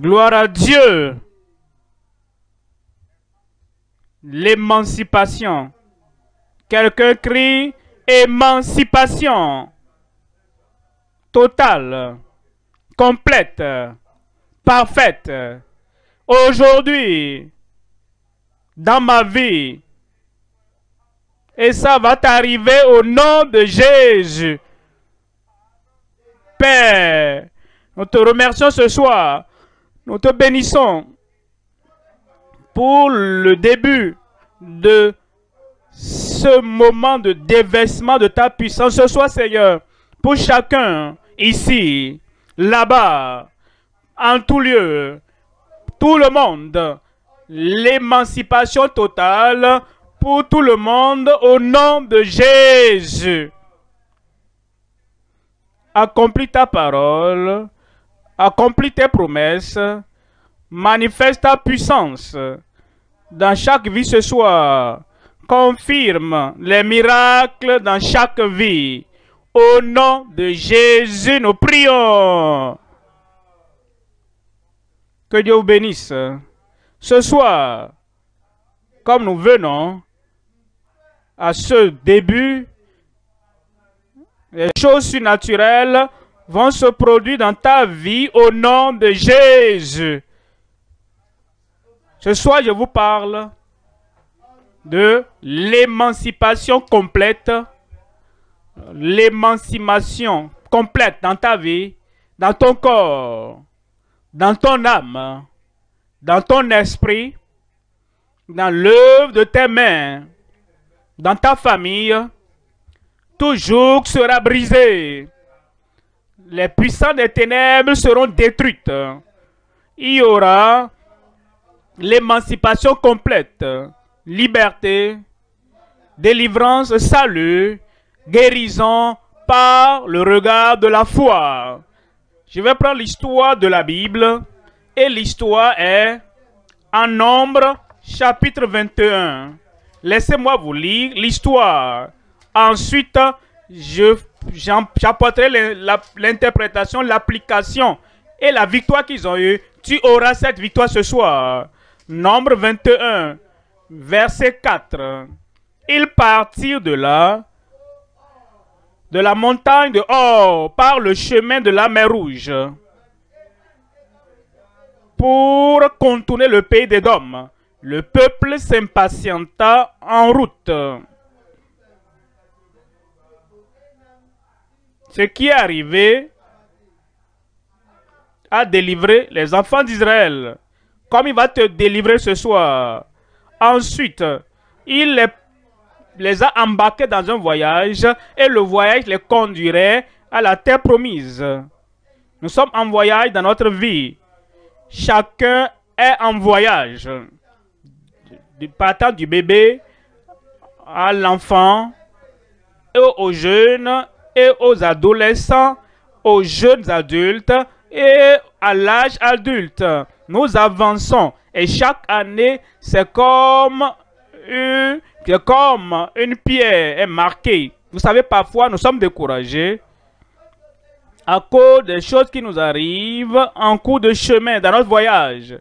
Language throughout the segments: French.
Gloire à Dieu. L'émancipation. Quelqu'un crie émancipation totale, complète, parfaite. Aujourd'hui, dans ma vie, et ça va t'arriver au nom de Jésus. Père, nous te remercions ce soir nous te bénissons pour le début de ce moment de déversement de ta puissance ce soir, Seigneur, pour chacun ici, là-bas, en tout lieu, tout le monde, l'émancipation totale pour tout le monde au nom de Jésus. Accomplis ta parole accomplis tes promesses, manifeste ta puissance dans chaque vie ce soir, confirme les miracles dans chaque vie. Au nom de Jésus, nous prions. Que Dieu vous bénisse. Ce soir, comme nous venons à ce début, les choses surnaturelles vont se produire dans ta vie au nom de Jésus. Ce soir, je vous parle de l'émancipation complète, l'émancipation complète dans ta vie, dans ton corps, dans ton âme, dans ton esprit, dans l'œuvre de tes mains, dans ta famille. toujours sera brisé les puissants des ténèbres seront détruites. Il y aura l'émancipation complète, liberté, délivrance, salut, guérison par le regard de la foi. Je vais prendre l'histoire de la Bible et l'histoire est en Nombre chapitre 21. Laissez-moi vous lire l'histoire. Ensuite, je j'apporterai l'interprétation, l'application et la victoire qu'ils ont eue. Tu auras cette victoire ce soir. Nombre 21, verset 4. Ils partirent de là, de la montagne de Or, par le chemin de la mer Rouge, pour contourner le pays des Dômes. Le peuple s'impatienta en route. ce qui est arrivé à délivrer les enfants d'Israël, comme il va te délivrer ce soir. Ensuite, il les, a embarqués dans un voyage et le voyage les conduirait à la terre promise. Nous sommes en voyage dans notre vie. Chacun est en voyage. Du partant du bébé à l'enfant et aux jeunes aux adolescents, aux jeunes adultes et à l'âge adulte. Nous avançons et chaque année, c'est comme une, comme une pierre est marquée. Vous savez, parfois, nous sommes découragés à cause des choses qui nous arrivent en cours de chemin, dans notre voyage.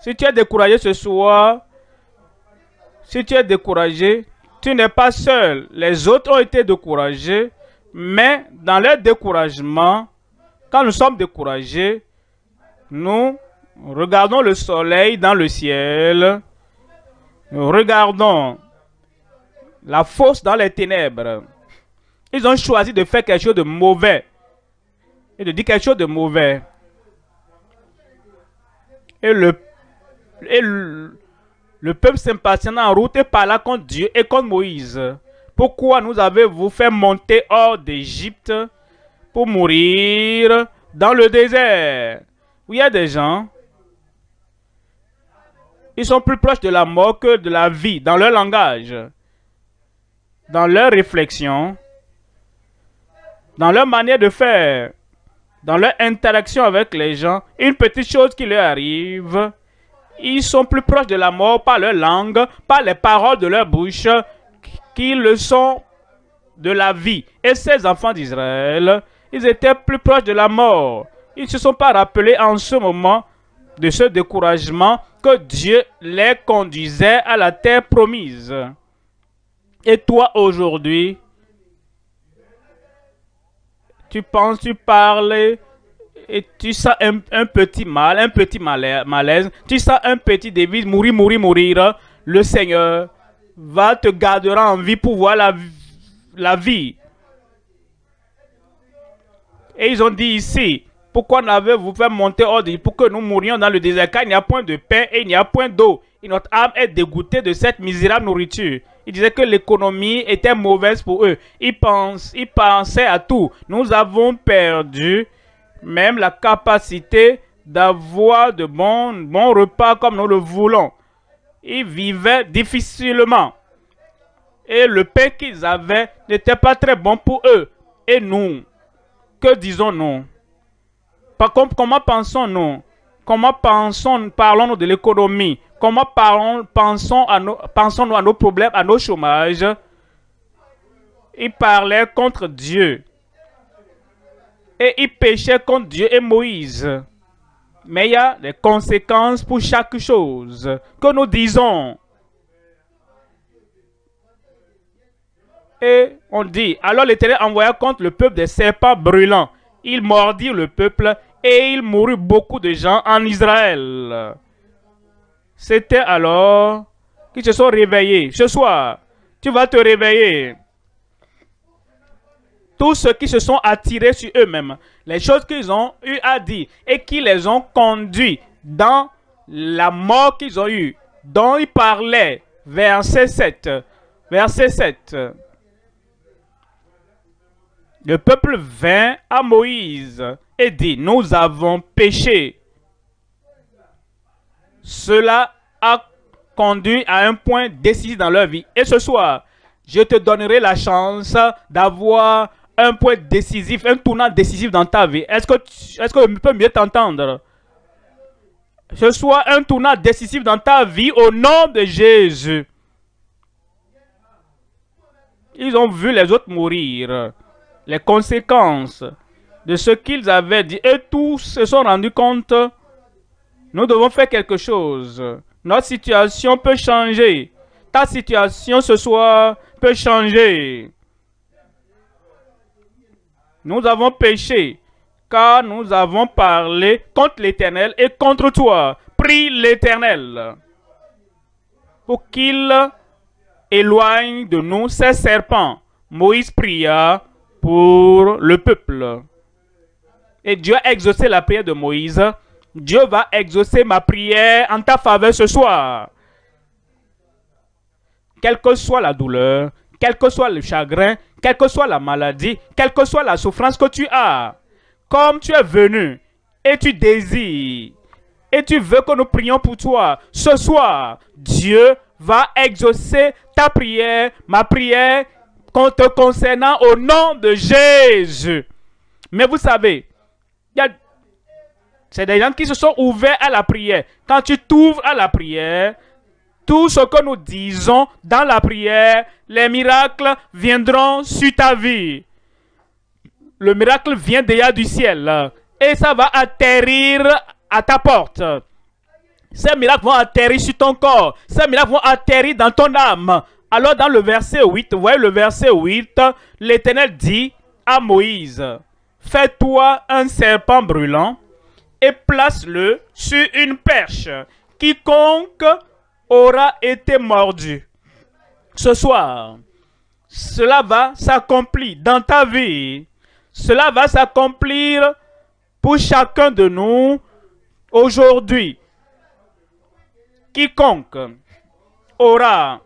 Si tu es découragé ce soir, si tu es découragé, tu n'es pas seul. Les autres ont été découragés. Mais dans leur découragement, quand nous sommes découragés, nous regardons le soleil dans le ciel, nous regardons la fosse dans les ténèbres. Ils ont choisi de faire quelque chose de mauvais et de dire quelque chose de mauvais. Et le, et le, peuple s'impatiente en route et parla contre Dieu et contre Moïse. Pourquoi nous avez-vous fait monter hors d'Égypte pour mourir dans le désert Où il y a des gens, ils sont plus proches de la mort que de la vie dans leur langage, dans leur réflexion, dans leur manière de faire, dans leur interaction avec les gens. Une petite chose qui leur arrive, ils sont plus proches de la mort par leur langue, par les paroles de leur bouche, qui le sont de la vie. Et ces enfants d'Israël, ils étaient plus proches de la mort. Ils ne se sont pas rappelés en ce moment de ce découragement que Dieu les conduisait à la terre promise. Et toi aujourd'hui, tu penses, tu parles et tu sens un, petit mal, un petit malaise, tu sens un petit débit, mourir, mourir, mourir. Le Seigneur va te garder en vie pour voir la, la vie. Et ils ont dit ici, pourquoi n'avez-vous fait monter hors pour que nous mourions dans le désert car il n'y a point de pain et il n'y a point d'eau. Et notre âme est dégoûtée de cette misérable nourriture. Ils disaient que l'économie était mauvaise pour eux. Ils, pensent, ils pensaient à tout. Nous avons perdu même la capacité d'avoir de bons repas comme nous le voulons ils vivaient difficilement. Et le pain qu'ils avaient n'était pas très bon pour eux. Et nous, que disons-nous Par contre, comment pensons-nous Comment pensons, nous parlons-nous de l'économie Comment parlons, pensons-nous à nos problèmes, à nos chômages Ils parlaient contre Dieu. Et ils péchaient contre Dieu et Moïse mais il y a des conséquences pour chaque chose que nous disons. Et on dit, alors l'Éternel envoya contre le peuple des serpents brûlants. Ils mordirent le peuple et il mourut beaucoup de gens en Israël. C'était alors qu'ils se sont réveillés. Ce soir, tu vas te réveiller tous ceux qui se sont attirés sur eux-mêmes, les choses qu'ils ont eu à dire et qui les ont conduits dans la mort qu'ils ont eue, dont ils parlaient. verset 7. Verset 7. Le peuple vint à Moïse et dit, nous avons péché. Cela a conduit à un point décisif dans leur vie. Et ce soir, je te donnerai la chance d'avoir un point décisif, un tournant décisif dans ta vie, est-ce que, est-ce que je peux mieux t'entendre Ce soit un tournant décisif dans ta vie au nom de Jésus. Ils ont vu les autres mourir, les conséquences de ce qu'ils avaient dit. Et tous se sont rendus compte, nous devons faire quelque chose. Notre situation peut changer. Ta situation ce soir peut changer nous avons péché, car nous avons parlé contre l'Éternel et contre toi. Prie l'Éternel pour qu'il éloigne de nous ces serpents. Moïse pria pour le peuple. Et Dieu a exaucé la prière de Moïse. Dieu va exaucer ma prière en ta faveur ce soir. Quelle que soit la douleur, quel que soit le chagrin, quelle que soit la maladie, quelle que soit la souffrance que tu as. Comme tu es venu et tu désires et tu veux que nous prions pour toi, ce soir, Dieu va exaucer ta prière, ma prière, te concernant au nom de Jésus. Mais vous savez, c'est des gens qui se sont ouverts à la prière. Quand tu t'ouvres à la prière, tout ce que nous disons dans la prière, les miracles viendront sur ta vie. Le miracle vient déjà du ciel et ça va atterrir à ta porte. Ces miracles vont atterrir sur ton corps. Ces miracles vont atterrir dans ton âme. Alors dans le verset 8, voyez le verset 8, l'Éternel dit à Moïse, fais-toi un serpent brûlant et place-le sur une perche. Quiconque aura été mordu. Ce soir, cela va s'accomplir dans ta vie. Cela va s'accomplir pour chacun de nous aujourd'hui. Quiconque aura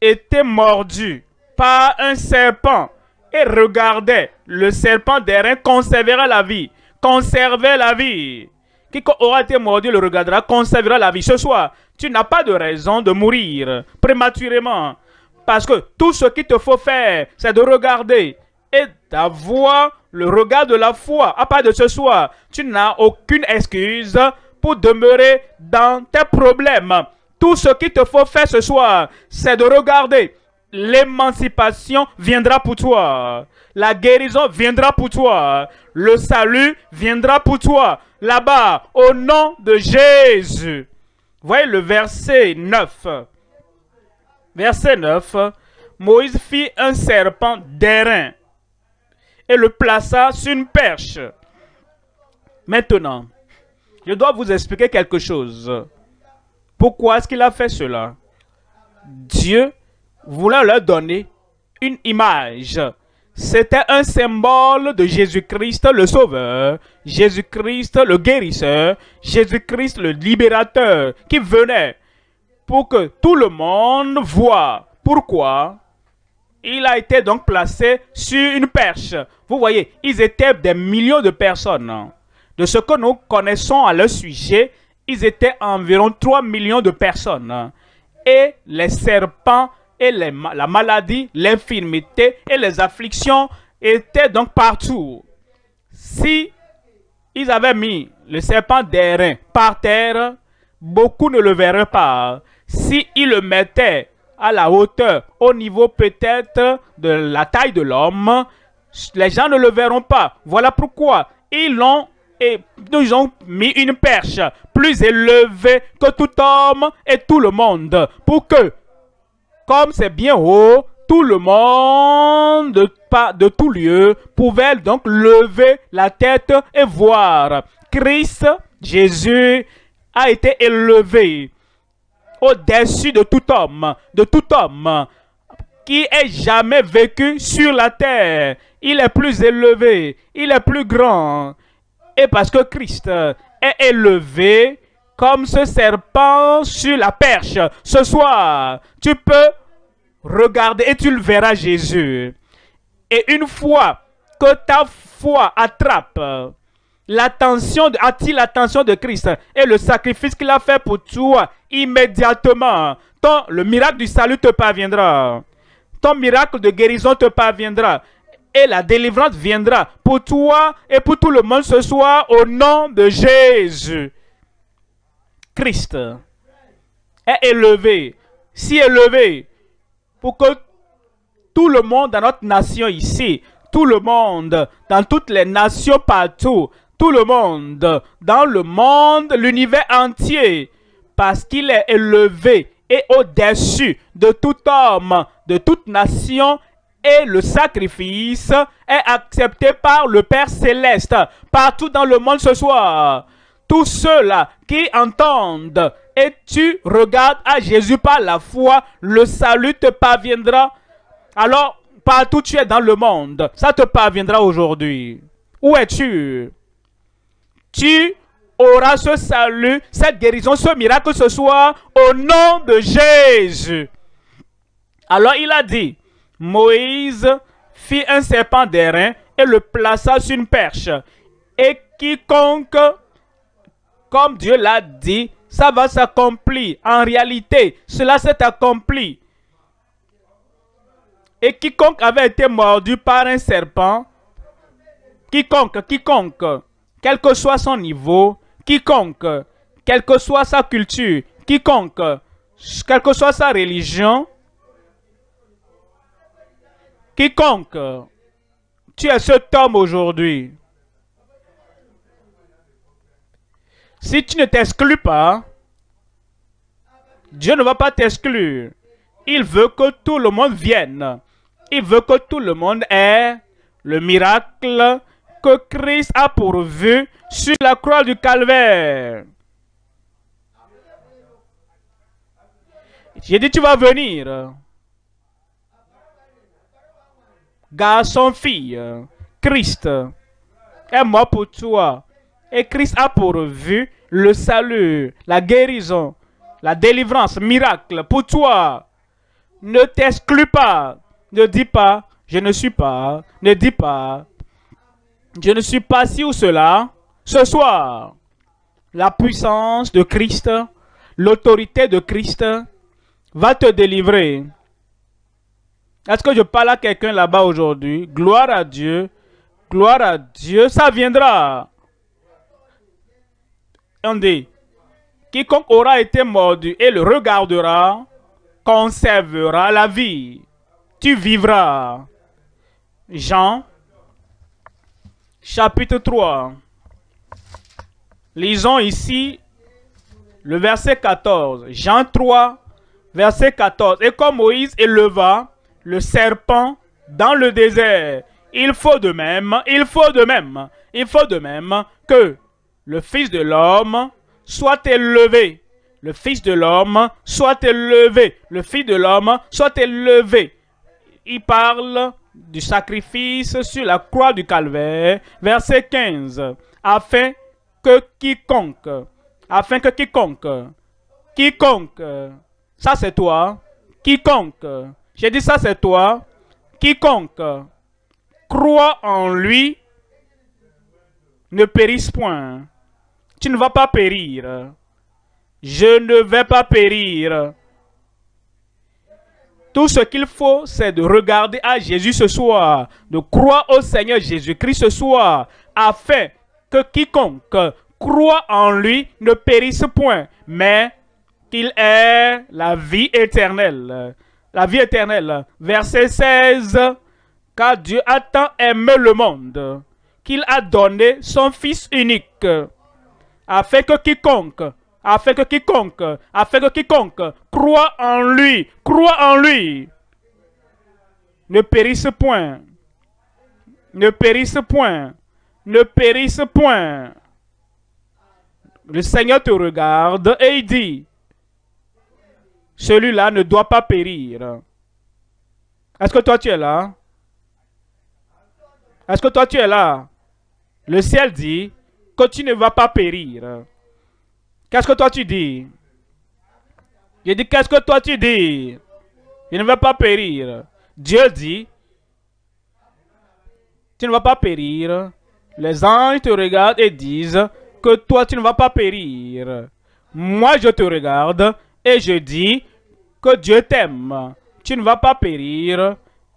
été mordu par un serpent et regardait le serpent derrière conservera la vie. Conservera la vie. Quiconque aura été mordu le regardera, conservera la vie. Ce soir, tu n'as pas de raison de mourir prématurément. Parce que tout ce qu'il te faut faire, c'est de regarder et d'avoir le regard de la foi. À part de ce soir, tu n'as aucune excuse pour demeurer dans tes problèmes. Tout ce qu'il te faut faire ce soir, c'est de regarder. L'émancipation viendra pour toi. La guérison viendra pour toi. Le salut viendra pour toi. Là-bas, au nom de Jésus. Voyez le verset 9. Verset 9. Moïse fit un serpent d'airain et le plaça sur une perche. Maintenant, je dois vous expliquer quelque chose. Pourquoi est-ce qu'il a fait cela Dieu voulait leur donner une image. C'était un symbole de Jésus-Christ le Sauveur Jésus-Christ le guérisseur, Jésus-Christ le libérateur qui venait pour que tout le monde voit pourquoi il a été donc placé sur une perche. Vous voyez, ils étaient des millions de personnes. De ce que nous connaissons à leur sujet, ils étaient environ 3 millions de personnes. Et les serpents et les, la maladie, l'infirmité et les afflictions étaient donc partout. Si ils avaient mis le serpent d'airain par terre. Beaucoup ne le verraient pas. si ils le mettaient à la hauteur, au niveau peut-être de la taille de l'homme, les gens ne le verront pas. Voilà pourquoi ils l'ont et nous ont mis une perche plus élevée que tout homme et tout le monde pour que, comme c'est bien haut, tout le monde, pas de tout lieu pouvaient donc lever la tête et voir. Christ, Jésus, a été élevé au-dessus de tout homme, de tout homme qui ait jamais vécu sur la terre. Il est plus élevé, il est plus grand. Et parce que Christ est élevé comme ce serpent sur la perche, ce soir, tu peux regarder et tu le verras Jésus. Et une fois que ta foi attrape l'attention, attire l'attention de Christ et le sacrifice qu'il a fait pour toi, immédiatement, le miracle du salut te parviendra. Ton miracle de guérison te parviendra. Et la délivrance viendra pour toi et pour tout le monde ce soir au nom de Jésus. Christ est élevé, si élevé, pour que tout le monde dans notre nation ici, tout le monde, dans toutes les nations partout, tout le monde, dans le monde, l'univers entier, parce qu'il est élevé et au-dessus de tout homme, de toute nation, et le sacrifice est accepté par le Père céleste partout dans le monde ce soir. Tous ceux-là qui entendent et tu regardes à Jésus par la foi, le salut te parviendra alors, partout tu es dans le monde, ça te parviendra aujourd'hui. Où es-tu Tu auras ce salut, cette guérison, ce miracle ce soir au nom de Jésus. Alors il a dit, Moïse fit un serpent d'airain et le plaça sur une perche. Et quiconque, comme Dieu l'a dit, ça va s'accomplir. En réalité, cela s'est accompli. Et quiconque avait été mordu par un serpent, quiconque, quiconque, quel que soit son niveau, quiconque, quelle que soit sa culture, quiconque, quelle que soit sa religion, quiconque, tu es cet homme aujourd'hui. Si tu ne t'exclus pas, Dieu ne va pas t'exclure. Il veut que tout le monde vienne il veut que tout le monde ait le miracle que Christ a pourvu sur la croix du calvaire. J'ai dit, tu vas venir. Garçon, fille, Christ est mort pour toi. Et Christ a pourvu le salut, la guérison, la délivrance, miracle pour toi. Ne t'exclus pas. Ne dis pas, je ne suis pas. Ne dis pas, je ne suis pas ci ou cela. Ce soir, la puissance de Christ, l'autorité de Christ va te délivrer. Est-ce que je parle à quelqu'un là-bas aujourd'hui? Gloire à Dieu. Gloire à Dieu, ça viendra. On dit, quiconque aura été mordu et le regardera, conservera la vie tu vivras. Jean, chapitre 3. Lisons ici le verset 14. Jean 3, verset 14. Et comme Moïse éleva le serpent dans le désert, il faut de même, il faut de même, il faut de même que le Fils de l'homme soit élevé. Le Fils de l'homme soit élevé. Le Fils de l'homme soit élevé il parle du sacrifice sur la croix du calvaire, verset 15, afin que quiconque, afin que quiconque, quiconque, ça c'est toi, quiconque, j'ai dit ça c'est toi, quiconque croit en lui ne périsse point. Tu ne vas pas périr. Je ne vais pas périr. Tout ce qu'il faut, c'est de regarder à Jésus ce soir, de croire au Seigneur Jésus-Christ ce soir, afin que quiconque croit en lui ne périsse point, mais qu'il ait la vie éternelle. La vie éternelle. Verset 16. Car Dieu a tant aimé le monde qu'il a donné son Fils unique, afin que quiconque afin que quiconque, afin que quiconque croit en lui, croit en lui, ne périsse point, ne périsse point, ne périsse point. Le Seigneur te regarde et il dit, celui-là ne doit pas périr. Est-ce que toi tu es là? Est-ce que toi tu es là? Le ciel dit que tu ne vas pas périr. Qu'est-ce que toi tu dis Je dis, qu'est-ce que toi tu dis Je ne va pas périr. Dieu dit, tu ne vas pas périr. Les anges te regardent et disent que toi tu ne vas pas périr. Moi je te regarde et je dis que Dieu t'aime. Tu ne vas pas périr.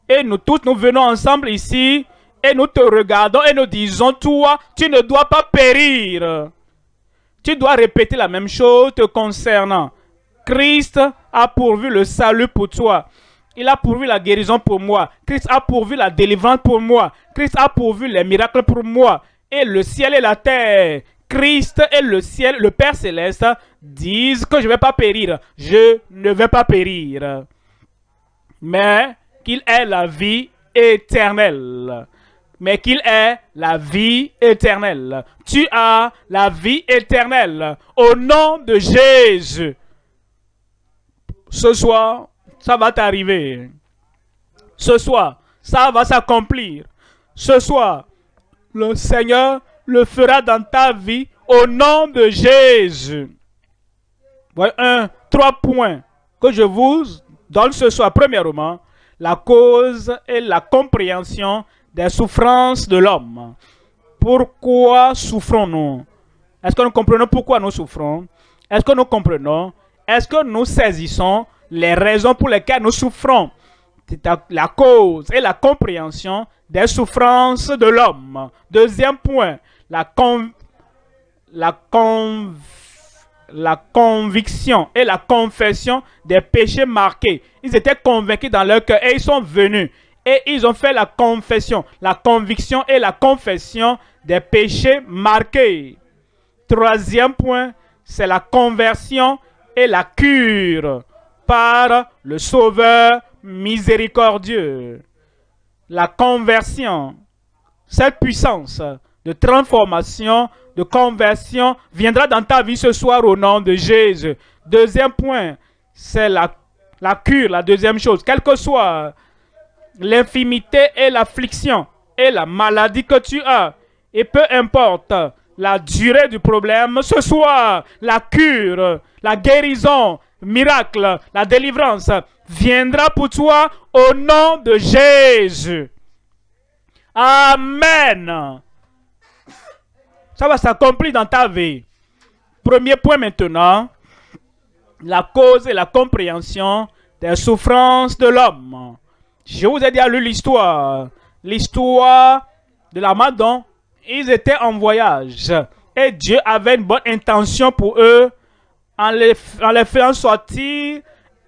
Et nous tous, nous venons ensemble ici et nous te regardons et nous disons, toi, tu ne dois pas périr. Tu dois répéter la même chose te concernant. Christ a pourvu le salut pour toi. Il a pourvu la guérison pour moi. Christ a pourvu la délivrance pour moi. Christ a pourvu les miracles pour moi. Et le ciel et la terre, Christ et le ciel, le Père céleste, disent que je ne vais pas périr. Je ne vais pas périr. Mais qu'il est la vie éternelle mais qu'il est la vie éternelle. Tu as la vie éternelle au nom de Jésus. Ce soir, ça va t'arriver. Ce soir, ça va s'accomplir. Ce soir, le Seigneur le fera dans ta vie au nom de Jésus. Voilà un, trois points que je vous donne ce soir. Premièrement, la cause et la compréhension des souffrances de l'homme. Pourquoi souffrons-nous Est-ce que nous comprenons pourquoi nous souffrons Est-ce que nous comprenons Est-ce que nous saisissons les raisons pour lesquelles nous souffrons la cause et la compréhension des souffrances de l'homme. Deuxième point, la, la, la conviction et la confession des péchés marqués. Ils étaient convaincus dans leur cœur et ils sont venus et ils ont fait la confession, la conviction et la confession des péchés marqués. Troisième point, c'est la conversion et la cure par le Sauveur miséricordieux. La conversion, cette puissance de transformation, de conversion viendra dans ta vie ce soir au nom de Jésus. Deuxième point, c'est la, cure, la deuxième chose. Quelle que soit l'infimité et l'affliction et la maladie que tu as. Et peu importe la durée du problème, ce soir, la cure, la guérison, miracle, la délivrance viendra pour toi au nom de Jésus. Amen. Ça va s'accomplir dans ta vie. Premier point maintenant, la cause et la compréhension des souffrances de l'homme. Je vous ai déjà lu l'histoire. L'histoire de la Madone. Ils étaient en voyage. Et Dieu avait une bonne intention pour eux en les, en les faisant sortir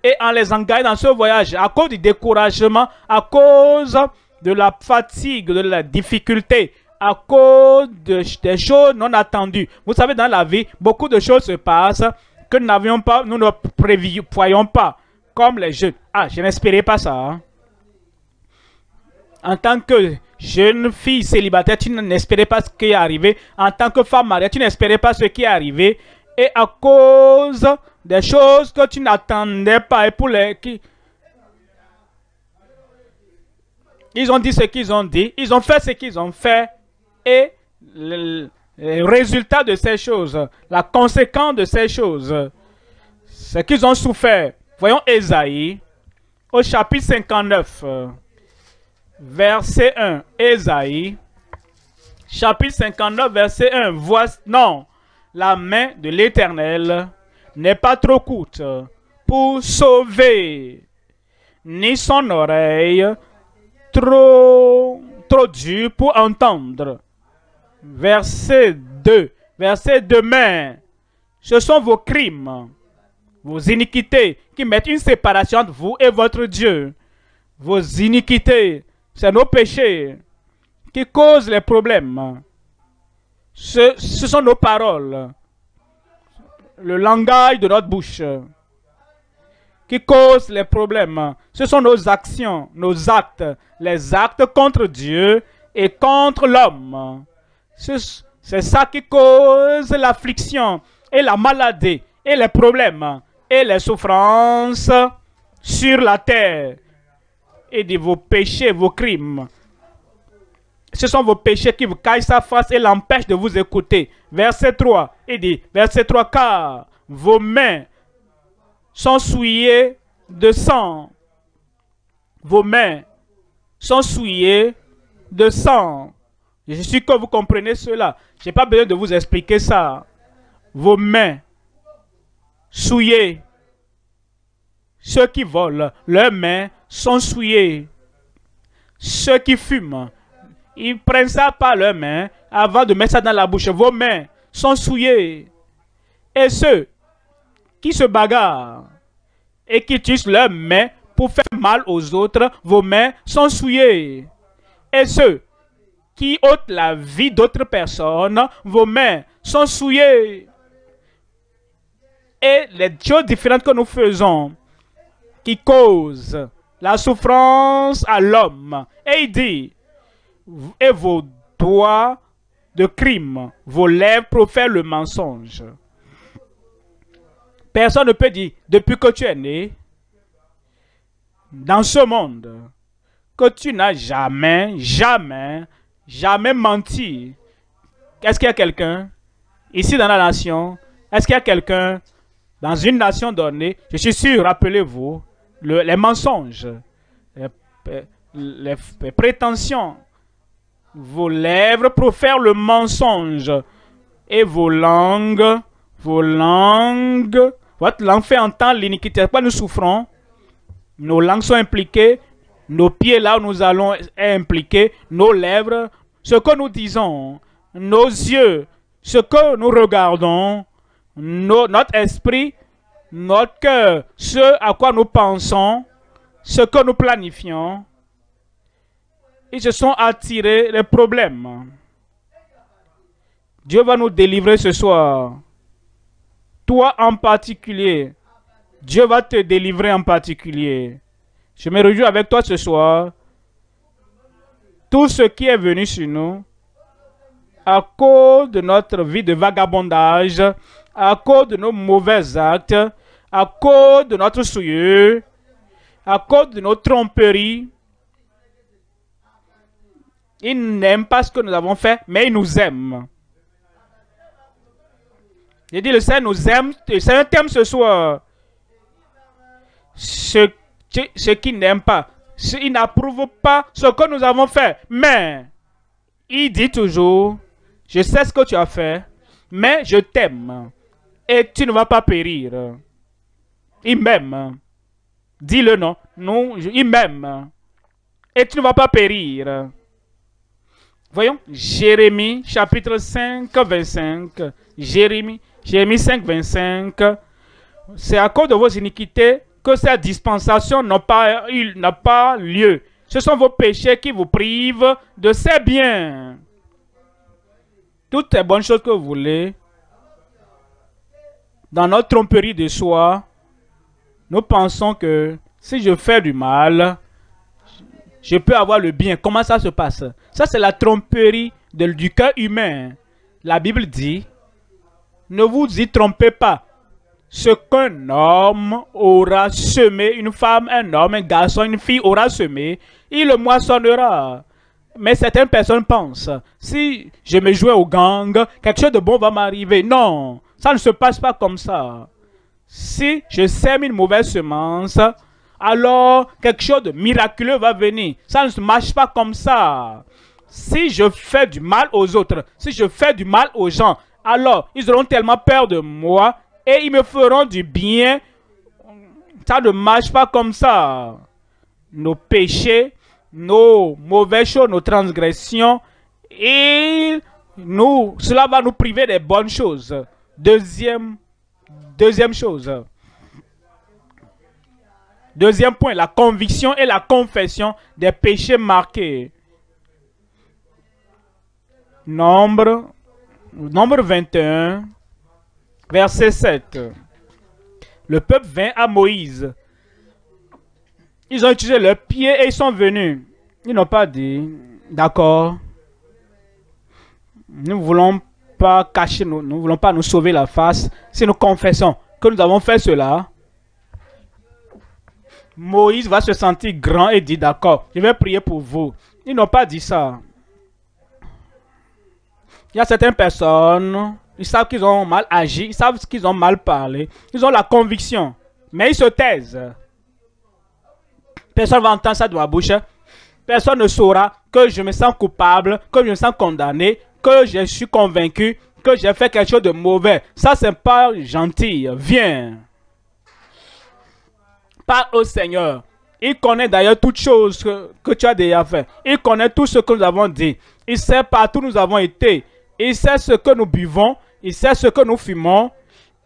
et en les engageant dans ce voyage. À cause du découragement, à cause de la fatigue, de la difficulté, à cause de, des choses non attendues. Vous savez, dans la vie, beaucoup de choses se passent que nous n'avions pas, nous ne prévoyons pas, comme les jeunes. Ah, je n'espérais pas ça. Hein en tant que jeune fille célibataire, tu n'espérais pas ce qui est arrivé. En tant que femme mariée, tu n'espérais pas ce qui est arrivé. Et à cause des choses que tu n'attendais pas et pour les ils ont dit ce qu'ils ont dit, ils ont fait ce qu'ils ont fait et le, résultat de ces choses, la conséquence de ces choses, ce qu'ils ont souffert. Voyons Ésaïe au chapitre 59 verset 1. Esaïe, chapitre 59, verset 1. Voici, non, la main de l'Éternel n'est pas trop courte pour sauver, ni son oreille trop, trop dure pour entendre. Verset 2. Verset 2, mais ce sont vos crimes, vos iniquités qui mettent une séparation entre vous et votre Dieu. Vos iniquités c'est nos péchés qui causent les problèmes. Ce, ce, sont nos paroles, le langage de notre bouche qui cause les problèmes. Ce sont nos actions, nos actes, les actes contre Dieu et contre l'homme. C'est ça qui cause l'affliction et la maladie et les problèmes et les souffrances sur la terre et de vos péchés, vos crimes. Ce sont vos péchés qui vous cachent sa face et l'empêchent de vous écouter. Verset 3, il dit, verset 3, car vos mains sont souillées de sang. Vos mains sont souillées de sang. Je suis que vous comprenez cela. Je n'ai pas besoin de vous expliquer ça. Vos mains souillées. Ceux qui volent leurs mains sont souillés. Ceux qui fument, ils prennent ça par leurs mains avant de mettre ça dans la bouche. Vos mains sont souillées. Et ceux qui se bagarrent et qui utilisent leurs mains pour faire mal aux autres, vos mains sont souillées. Et ceux qui ôtent la vie d'autres personnes, vos mains sont souillées. Et les choses différentes que nous faisons, qui causent la souffrance à l'homme. Et il dit, et vos doigts de crime, vos lèvres profèrent le mensonge. Personne ne peut dire, depuis que tu es né, dans ce monde, que tu n'as jamais, jamais, jamais menti. Est-ce qu'il y a quelqu'un ici dans la nation? Est-ce qu'il y a quelqu'un dans une nation donnée? Je suis sûr, rappelez-vous, les mensonges, les, prétentions. Vos lèvres pour faire le mensonge et vos langues, vos langues, votre langue fait entendre l'iniquité. Pourquoi nous souffrons Nos langues sont impliquées, nos pieds là nous allons impliquer impliqués, nos lèvres, ce que nous disons, nos yeux, ce que nous regardons, nos, notre esprit, notre cœur, ce à quoi nous pensons, ce que nous planifions, ils se sont attirés les problèmes. Dieu va nous délivrer ce soir. Toi en particulier, Dieu va te délivrer en particulier. Je me réjouis avec toi ce soir. Tout ce qui est venu sur nous, à cause de notre vie de vagabondage, à cause de nos mauvais actes, à cause de notre souillure, à cause de nos tromperies. Il n'aime pas ce que nous avons fait, mais il nous aime. J'ai dit, le Seigneur nous aime. le Seigneur t'aime, ce soir. ce qui n'aime pas, il n'approuve pas ce que nous avons fait. Mais il dit toujours, je sais ce que tu as fait, mais je t'aime. Et tu ne vas pas périr. Il m'aime. Dis-le non. Non, il m'aime. Et tu ne vas pas périr. Voyons, Jérémie chapitre 5, 25. Jérémie, Jérémie 5, 25. C'est à cause de vos iniquités que cette dispensation n'a pas, pas lieu. Ce sont vos péchés qui vous privent de ces biens. Toutes les bonnes choses que vous voulez, dans notre tromperie de soi, nous pensons que si je fais du mal, je peux avoir le bien. Comment ça se passe Ça, c'est la tromperie du cœur humain. La Bible dit, ne vous y trompez pas. Ce qu'un homme aura semé, une femme, un homme, un garçon, une fille aura semé, il le moissonnera. Mais certaines personnes pensent, si je me jouais au gang, quelque chose de bon va m'arriver. Non, ça ne se passe pas comme ça. Si je sème une mauvaise semence, alors quelque chose de miraculeux va venir. Ça ne marche pas comme ça. Si je fais du mal aux autres, si je fais du mal aux gens, alors ils auront tellement peur de moi et ils me feront du bien. Ça ne marche pas comme ça. Nos péchés, nos mauvaises choses, nos transgressions, et nous, cela va nous priver des bonnes choses. Deuxième Deuxième chose. Deuxième point, la conviction et la confession des péchés marqués. Nombre, nombre 21, verset 7. Le peuple vint à Moïse. Ils ont utilisé leurs pieds et ils sont venus. Ils n'ont pas dit, d'accord, nous voulons pas cacher, nous ne voulons pas nous sauver la face. Si nous confessons que nous avons fait cela, Moïse va se sentir grand et dit, d'accord, je vais prier pour vous. Ils n'ont pas dit ça. Il y a certaines personnes, ils savent qu'ils ont mal agi, ils savent qu'ils ont mal parlé, ils ont la conviction, mais ils se taisent. Personne ne va entendre ça de ma bouche. Personne ne saura que je me sens coupable, que je me sens condamné, que je suis convaincu que j'ai fait quelque chose de mauvais. Ça, c'est pas gentil. Viens. Parle au Seigneur. Il connaît d'ailleurs toutes choses que, tu as déjà fait. Il connaît tout ce que nous avons dit. Il sait partout où nous avons été. Il sait ce que nous buvons. Il sait ce que nous fumons.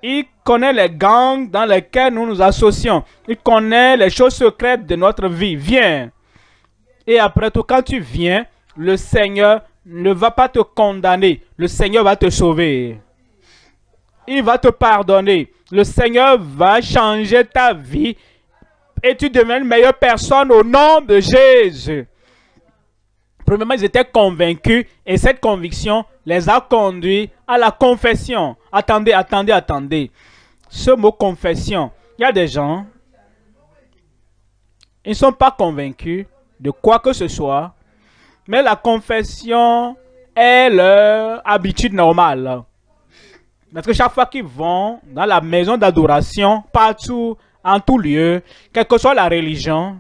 Il connaît les gangs dans lesquels nous nous associons. Il connaît les choses secrètes de notre vie. Viens. Et après tout, quand tu viens, le Seigneur ne va pas te condamner. Le Seigneur va te sauver. Il va te pardonner. Le Seigneur va changer ta vie et tu deviens une meilleure personne au nom de Jésus. Premièrement, ils étaient convaincus et cette conviction les a conduits à la confession. Attendez, attendez, attendez. Ce mot confession, il y a des gens, ils ne sont pas convaincus de quoi que ce soit, mais la confession est leur habitude normale. Parce que chaque fois qu'ils vont dans la maison d'adoration, partout, en tout lieu, quelle que soit la religion,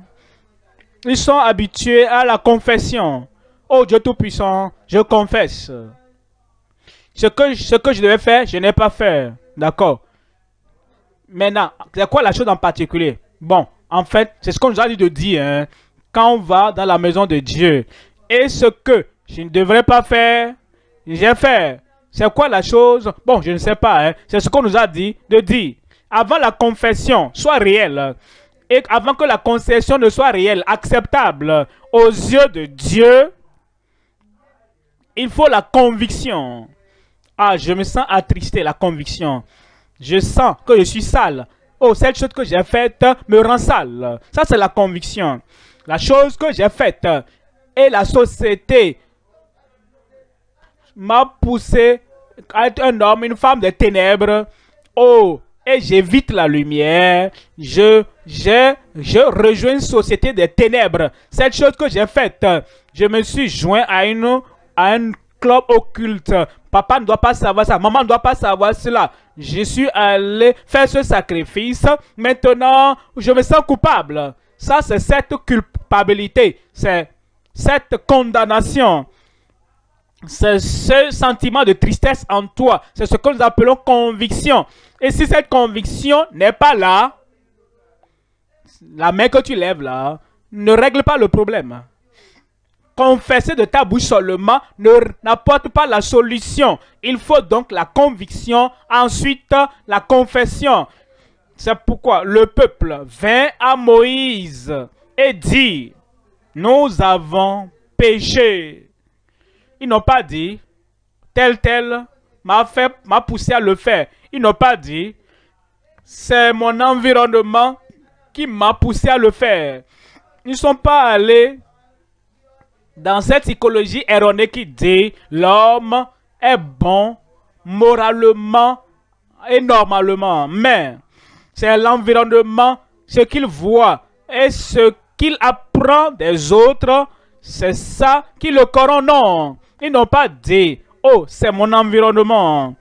ils sont habitués à la confession. Oh Dieu Tout-Puissant, je confesse. Ce que, ce que je devais faire, je n'ai pas fait. D'accord Maintenant, c'est quoi la chose en particulier Bon, en fait, c'est ce qu'on nous a dit de dire. Hein. Quand on va dans la maison de Dieu, et ce que je ne devrais pas faire, j'ai fait. C'est quoi la chose Bon, je ne sais pas. Hein. C'est ce qu'on nous a dit de dire. Avant la confession soit réelle, et avant que la concession ne soit réelle, acceptable aux yeux de Dieu, il faut la conviction. Ah, je me sens attristé, la conviction. Je sens que je suis sale. Oh, cette chose que j'ai faite me rend sale. Ça, c'est la conviction. La chose que j'ai faite, et la société m'a poussé à être un homme, une femme de ténèbres. Oh, et j'évite la lumière. Je, je, rejoins une société des ténèbres. Cette chose que j'ai faite, je me suis joint à une, à un club occulte. Papa ne doit pas savoir ça, maman ne doit pas savoir cela. Je suis allé faire ce sacrifice. Maintenant, je me sens coupable. Ça, c'est cette culpabilité. C'est cette condamnation, c'est ce sentiment de tristesse en toi. C'est ce que nous appelons conviction. Et si cette conviction n'est pas là, la main que tu lèves là ne règle pas le problème. Confesser de ta bouche seulement n'apporte pas la solution. Il faut donc la conviction, ensuite la confession. C'est pourquoi le peuple vint à Moïse et dit, nous avons péché. Ils n'ont pas dit, tel tel m'a poussé à le faire. Ils n'ont pas dit, c'est mon environnement qui m'a poussé à le faire. Ils ne sont pas allés dans cette psychologie erronée qui dit l'homme est bon moralement et normalement, mais c'est l'environnement, ce qu'il voit et ce qu'il a des autres, c'est ça qui le corrompt. Non, ils n'ont pas dit, oh, c'est mon environnement.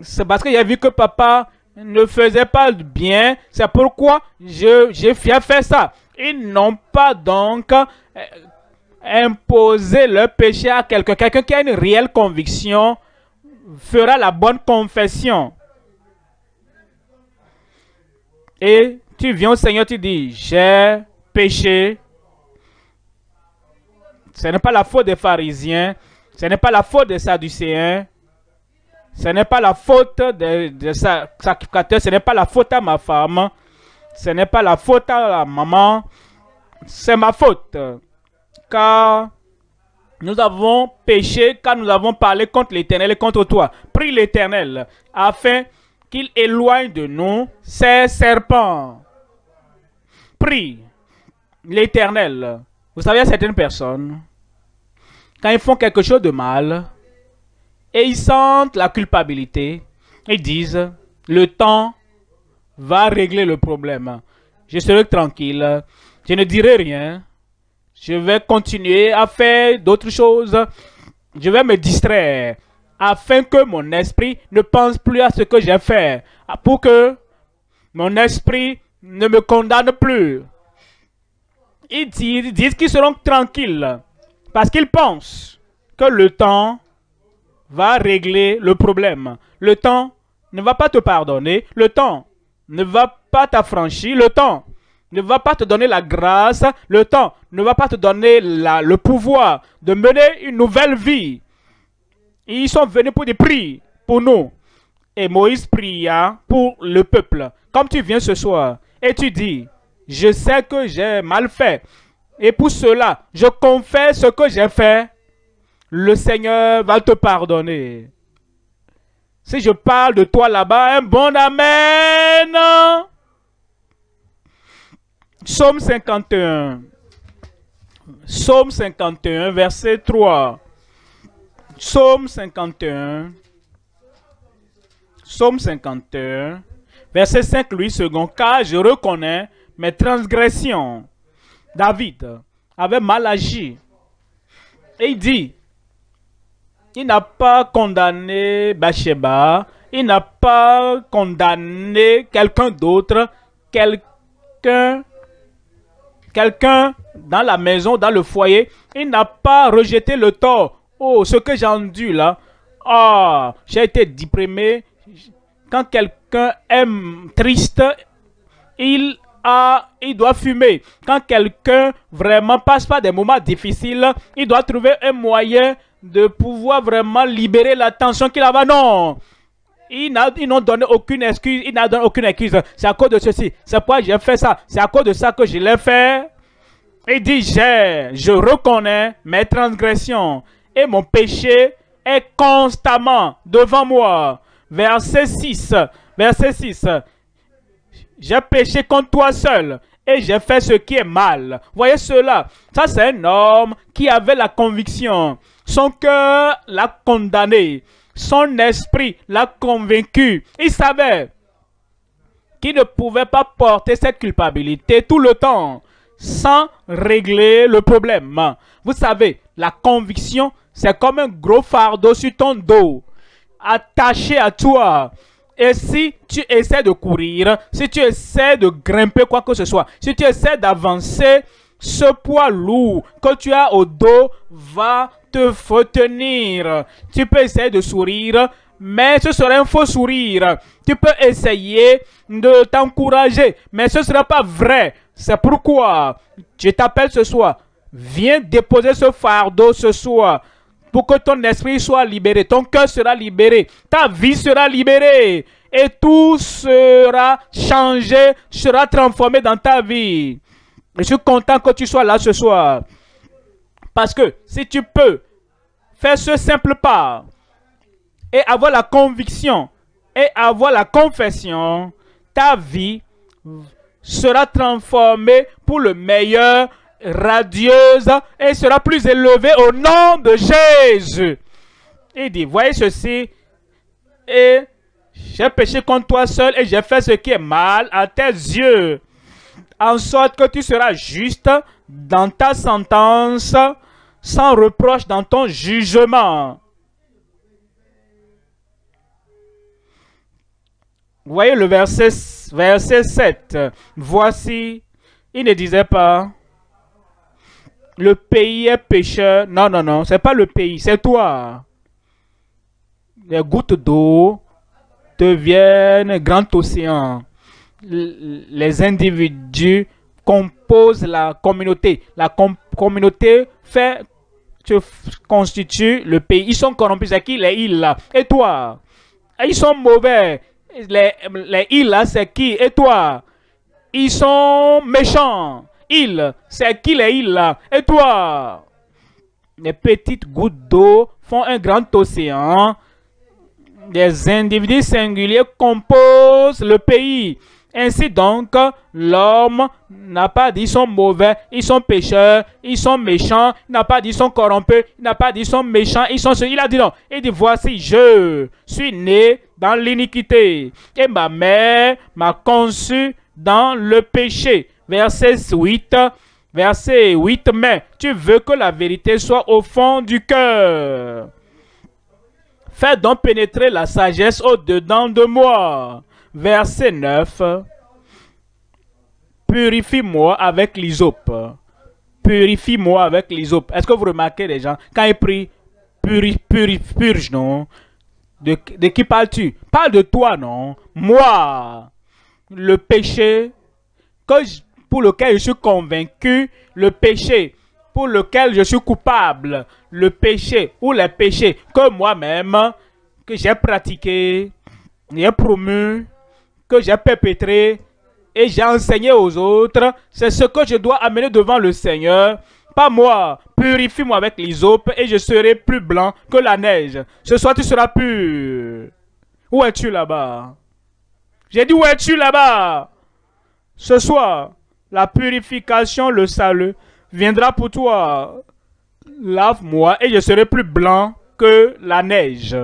C'est parce qu'il a vu que papa ne faisait pas bien, c'est pourquoi j'ai fait ça. Ils n'ont pas donc euh, imposé leur péché à quelqu'un. Quelqu'un qui a une réelle conviction fera la bonne confession. Et tu viens au Seigneur, tu dis, j'ai péché. Ce n'est pas la faute des pharisiens, ce n'est pas la faute des sadducéens, ce n'est pas la faute des, sacrificateurs, ce n'est pas la faute à ma femme, ce n'est pas la faute à la maman, c'est ma faute. Car nous avons péché car nous avons parlé contre l'Éternel et contre toi. Prie l'Éternel afin qu'il éloigne de nous ces serpents. Prie l'éternel. Vous savez, certaines personnes, quand ils font quelque chose de mal, et ils sentent la culpabilité, ils disent, le temps va régler le problème. Je serai tranquille, je ne dirai rien, je vais continuer à faire d'autres choses, je vais me distraire afin que mon esprit ne pense plus à ce que j'ai fait, pour que mon esprit ne me condamne plus ils disent, qu'ils seront tranquilles parce qu'ils pensent que le temps va régler le problème. Le temps ne va pas te pardonner, le temps ne va pas t'affranchir, le temps ne va pas te donner la grâce, le temps ne va pas te donner le pouvoir de mener une nouvelle vie. ils sont venus pour des prix pour nous. Et Moïse pria pour le peuple. Comme tu viens ce soir et tu dis, je sais que j'ai mal fait. Et pour cela, je confesse ce que j'ai fait. Le Seigneur va te pardonner. Si je parle de toi là-bas, un bon Amen. Psaume 51. Psaume 51, verset 3. Psaume 51. Psaume 51. Verset 5, lui, second. Car je reconnais mes transgressions. David avait mal agi. Et il dit, il n'a pas condamné Bathsheba, il n'a pas condamné quelqu'un d'autre, quelqu'un quelqu'un dans la maison, dans le foyer, il n'a pas rejeté le tort. Oh, ce que j'ai entendu là. Ah, j'ai été déprimé. Quand quelqu'un est triste, il ah, il doit fumer. Quand quelqu'un vraiment passe par des moments difficiles, il doit trouver un moyen de pouvoir vraiment libérer la tension qu'il avait. Non ils n'ont donné aucune excuse, il n'a donné aucune excuse. C'est à cause de ceci, c'est pourquoi j'ai fait ça, c'est à cause de ça que je l'ai fait. Il dit, j'ai, je reconnais mes transgressions et mon péché est constamment devant moi. Verset 6, verset 6. J'ai péché contre toi seul et j'ai fait ce qui est mal. Voyez cela, ça c'est un homme qui avait la conviction. Son cœur l'a condamné. Son esprit l'a convaincu. Il savait qu'il ne pouvait pas porter cette culpabilité tout le temps sans régler le problème. Vous savez, la conviction, c'est comme un gros fardeau sur ton dos, attaché à toi. Et si tu essaies de courir, si tu essaies de grimper quoi que ce soit, si tu essaies d'avancer, ce poids lourd que tu as au dos va te retenir. Tu peux essayer de sourire, mais ce serait un faux sourire. Tu peux essayer de t'encourager, mais ce ne sera pas vrai. C'est pourquoi je t'appelle ce soir. Viens déposer ce fardeau ce soir pour que ton esprit soit libéré, ton cœur sera libéré, ta vie sera libérée et tout sera changé, sera transformé dans ta vie. Je suis content que tu sois là ce soir. Parce que si tu peux faire ce simple pas et avoir la conviction et avoir la confession, ta vie sera transformée pour le meilleur radieuse et sera plus élevée au nom de Jésus. Il dit, voyez ceci, et j'ai péché contre toi seul et j'ai fait ce qui est mal à tes yeux, en sorte que tu seras juste dans ta sentence, sans reproche dans ton jugement. Voyez le verset, verset 7. Voici, il ne disait pas, le pays est pêcheur. Non, non, non, c'est pas le pays, c'est toi. Les gouttes d'eau deviennent grand océan. Les individus composent la communauté. La communauté fait se constitue le pays. Ils sont corrompus. C'est qui les îles là Et toi Ils sont mauvais. Les, les îles c'est qui Et toi Ils sont méchants il. C'est qui est il là Et toi Les petites gouttes d'eau font un grand océan. Des individus singuliers composent le pays. Ainsi donc, l'homme n'a pas dit sont mauvais, ils sont pécheurs, ils sont méchants, n'a pas dit sont corrompus, n'a pas dit sont méchants, ils sont ceux. Il a dit non. Il dit voici, je suis né dans l'iniquité et ma mère m'a conçu dans le péché verset 8, verset 8, mais tu veux que la vérité soit au fond du cœur. Fais donc pénétrer la sagesse au-dedans de moi. Verset 9. Purifie-moi avec l'isop. Purifie-moi avec l'isop. Est-ce que vous remarquez les gens Quand ils prient, purifie, purge, non de, de qui parles-tu Parle de toi, non Moi, le péché que je, pour lequel je suis convaincu, le péché pour lequel je suis coupable, le péché ou les péchés que moi-même, que j'ai pratiqué, j'ai promu, que j'ai perpétré et j'ai enseigné aux autres, c'est ce que je dois amener devant le Seigneur. Pas moi, purifie-moi avec l'hysope et je serai plus blanc que la neige. Ce soir, tu seras pur. Où es-tu là-bas? J'ai dit, où es-tu là-bas? Ce soir, la purification, le salut viendra pour toi. Lave-moi et je serai plus blanc que la neige.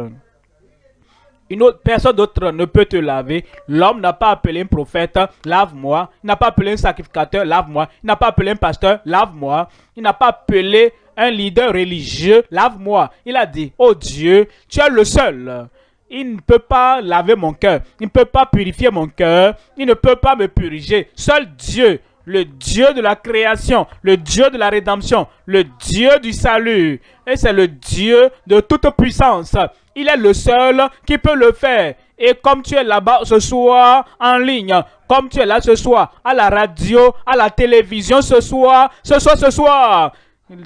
Une autre, personne d'autre ne peut te laver. L'homme n'a pas appelé un prophète, lave-moi. Il n'a pas appelé un sacrificateur, lave-moi. Il n'a pas appelé un pasteur, lave-moi. Il n'a pas appelé un leader religieux, lave-moi. Il a dit, oh Dieu, tu es le seul. Il ne peut pas laver mon cœur. Il ne peut pas purifier mon cœur. Il ne peut pas me purifier. Seul Dieu le Dieu de la création, le Dieu de la rédemption, le Dieu du salut. Et c'est le Dieu de toute puissance. Il est le seul qui peut le faire. Et comme tu es là-bas ce soir en ligne, comme tu es là ce soir à la radio, à la télévision ce soir, ce soir, ce soir,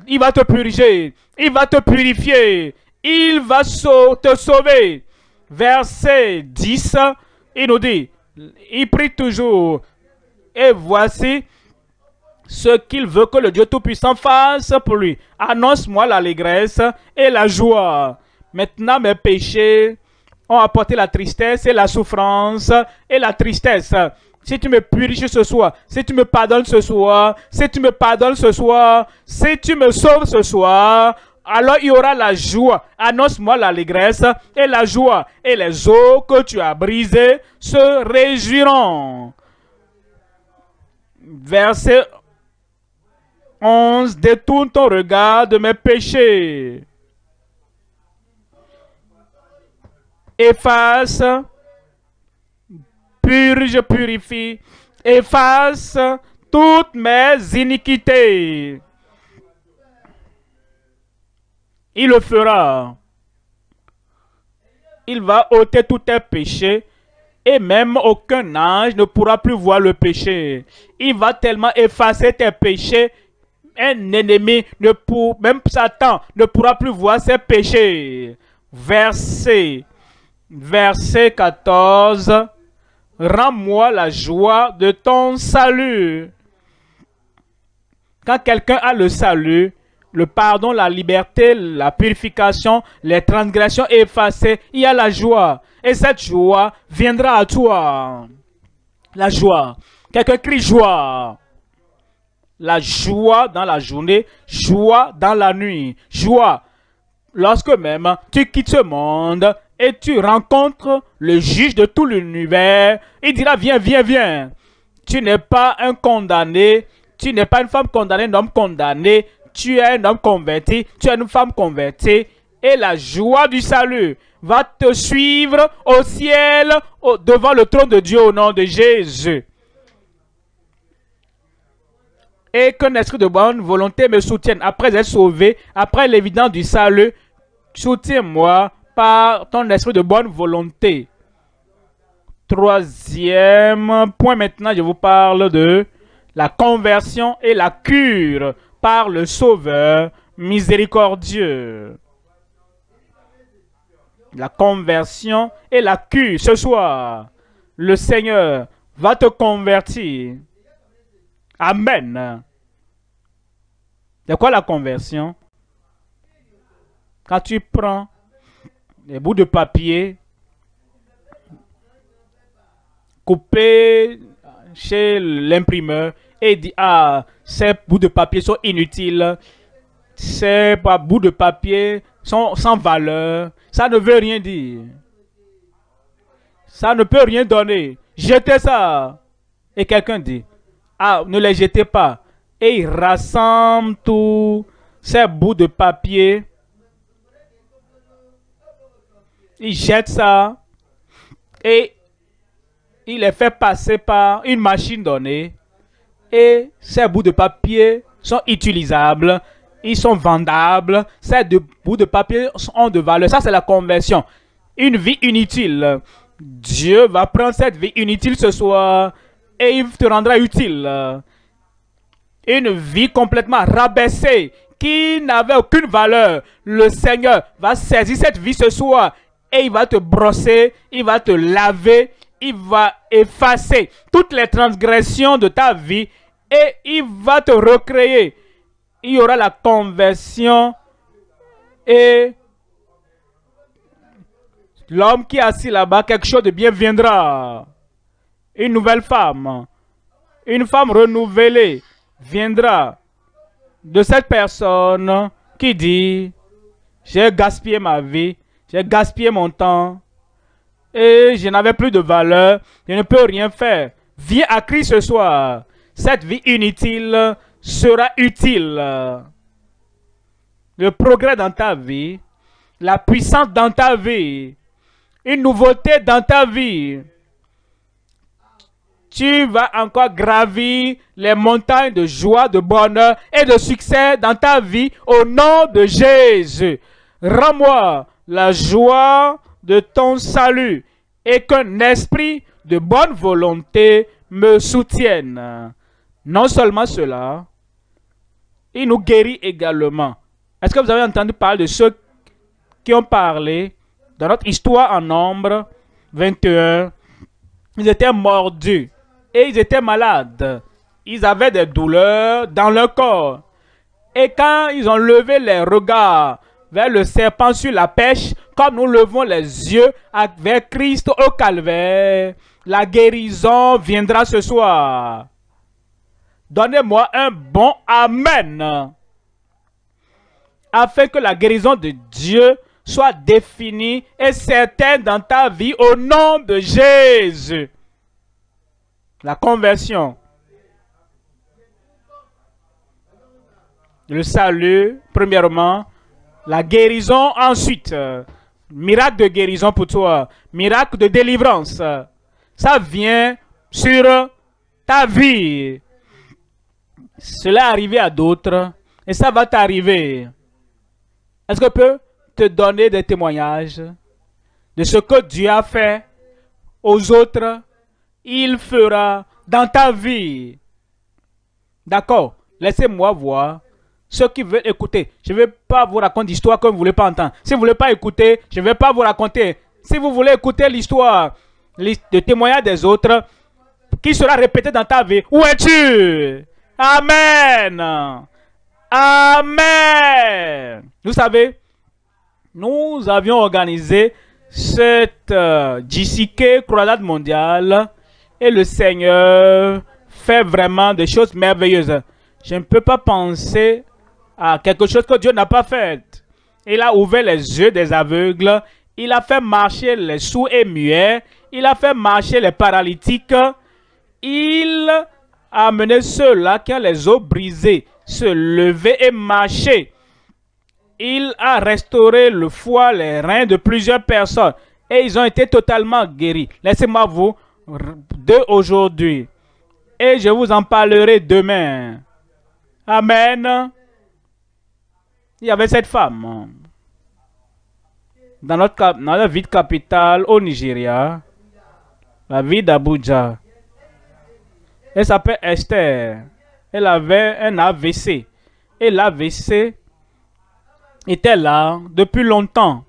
il va te purifier, il va te purifier, il va te sauver. Verset 10, il nous dit, il prie toujours, et voici ce qu'il veut que le Dieu Tout-Puissant fasse pour lui. Annonce-moi l'allégresse et la joie. Maintenant, mes péchés ont apporté la tristesse et la souffrance et la tristesse. Si tu me purifies ce soir, si tu me pardonnes ce soir, si tu me pardonnes ce soir, si tu me sauves ce soir, alors il y aura la joie. Annonce-moi l'allégresse et la joie. Et les eaux que tu as brisées se réjouiront verset 11, détourne ton regard de mes péchés. Efface, purge, purifie, efface toutes mes iniquités. Il le fera. Il va ôter tous tes péchés et même aucun ange ne pourra plus voir le péché. Il va tellement effacer tes péchés, un ennemi ne pour, même Satan ne pourra plus voir ses péchés. verset 14. Rends-moi la joie de ton salut. Quand quelqu'un a le salut, le pardon, la liberté, la purification, les transgressions effacées. Il y a la joie. Et cette joie viendra à toi. La joie. Quelqu'un crie joie. La joie dans la journée, joie dans la nuit, joie. Lorsque même tu quittes ce monde et tu rencontres le juge de tout l'univers, il dira viens, viens, viens. Tu n'es pas un condamné, tu n'es pas une femme condamnée, un homme condamné, tu es un homme converti, tu es une femme convertie, et la joie du salut va te suivre au ciel, devant le trône de Dieu au nom de Jésus. Et qu'un esprit de bonne volonté me soutienne après être sauvé, après l'évidence du salut. Soutiens-moi par ton esprit de bonne volonté. Troisième point maintenant, je vous parle de la conversion et la cure par le Sauveur miséricordieux. La conversion et la cure ce soir. Le Seigneur va te convertir. Amen. De quoi la conversion? Quand tu prends des bouts de papier coupés chez l'imprimeur et dit, ah, ces bouts de papier sont inutiles, ces bouts de papier sont sans valeur, ça ne veut rien dire. Ça ne peut rien donner. Jetez ça. Et quelqu'un dit, ah, ne les jetez pas. Et il rassemble tous ces bouts de papier. Il jette ça. Et il les fait passer par une machine donnée et ces bouts de papier sont utilisables, ils sont vendables, ces bouts de papier ont de valeur. Ça, c'est la conversion. Une vie inutile. Dieu va prendre cette vie inutile ce soir et il te rendra utile. Une vie complètement rabaissée qui n'avait aucune valeur. Le Seigneur va saisir cette vie ce soir et il va te brosser, il va te laver, il va effacer toutes les transgressions de ta vie et il va te recréer. Il y aura la conversion et l'homme qui est assis là-bas, quelque chose de bien viendra. Une nouvelle femme, une femme renouvelée viendra de cette personne qui dit, j'ai gaspillé ma vie, j'ai gaspillé mon temps, et je n'avais plus de valeur, je ne peux rien faire. Viens à Christ ce soir. Cette vie inutile sera utile. Le progrès dans ta vie, la puissance dans ta vie, une nouveauté dans ta vie. Tu vas encore gravir les montagnes de joie, de bonheur et de succès dans ta vie au nom de Jésus. Rends-moi la joie, de ton salut et qu'un esprit de bonne volonté me soutienne. Non seulement cela, il nous guérit également. Est-ce que vous avez entendu parler de ceux qui ont parlé dans notre histoire en nombre 21 Ils étaient mordus et ils étaient malades. Ils avaient des douleurs dans leur corps. Et quand ils ont levé les regards vers le serpent sur la pêche, comme nous levons les yeux vers Christ au calvaire. La guérison viendra ce soir. Donnez-moi un bon Amen. Afin que la guérison de Dieu soit définie et certaine dans ta vie au nom de Jésus. La conversion. Le salut, premièrement, la guérison ensuite. Euh, miracle de guérison pour toi. Miracle de délivrance. Euh, ça vient sur ta vie. Cela est arrivé à d'autres et ça va t'arriver. Est-ce que je peux te donner des témoignages de ce que Dieu a fait aux autres? Il fera dans ta vie. D'accord Laissez-moi voir ceux qui veulent écouter, je ne vais pas vous raconter l'histoire que vous ne voulez pas entendre. Si vous ne voulez pas écouter, je ne vais pas vous raconter. Si vous voulez écouter l'histoire, de témoignage des autres, qui sera répété dans ta vie, où es-tu Amen. Amen. Vous savez, nous avions organisé cette euh, croisade mondiale et le Seigneur fait vraiment des choses merveilleuses. Je ne peux pas penser à ah, quelque chose que Dieu n'a pas fait. Il a ouvert les yeux des aveugles, il a fait marcher les sourds et muets, il a fait marcher les paralytiques, il a amené ceux-là qui ont les os brisés, se lever et marcher. Il a restauré le foie, les reins de plusieurs personnes et ils ont été totalement guéris. Laissez-moi vous deux aujourd'hui et je vous en parlerai demain. Amen. Il y avait cette femme. Dans, notre, dans la ville capitale au Nigeria, la ville d'Abuja. Elle s'appelle Esther. Elle avait un AVC. Et l'AVC était là depuis longtemps.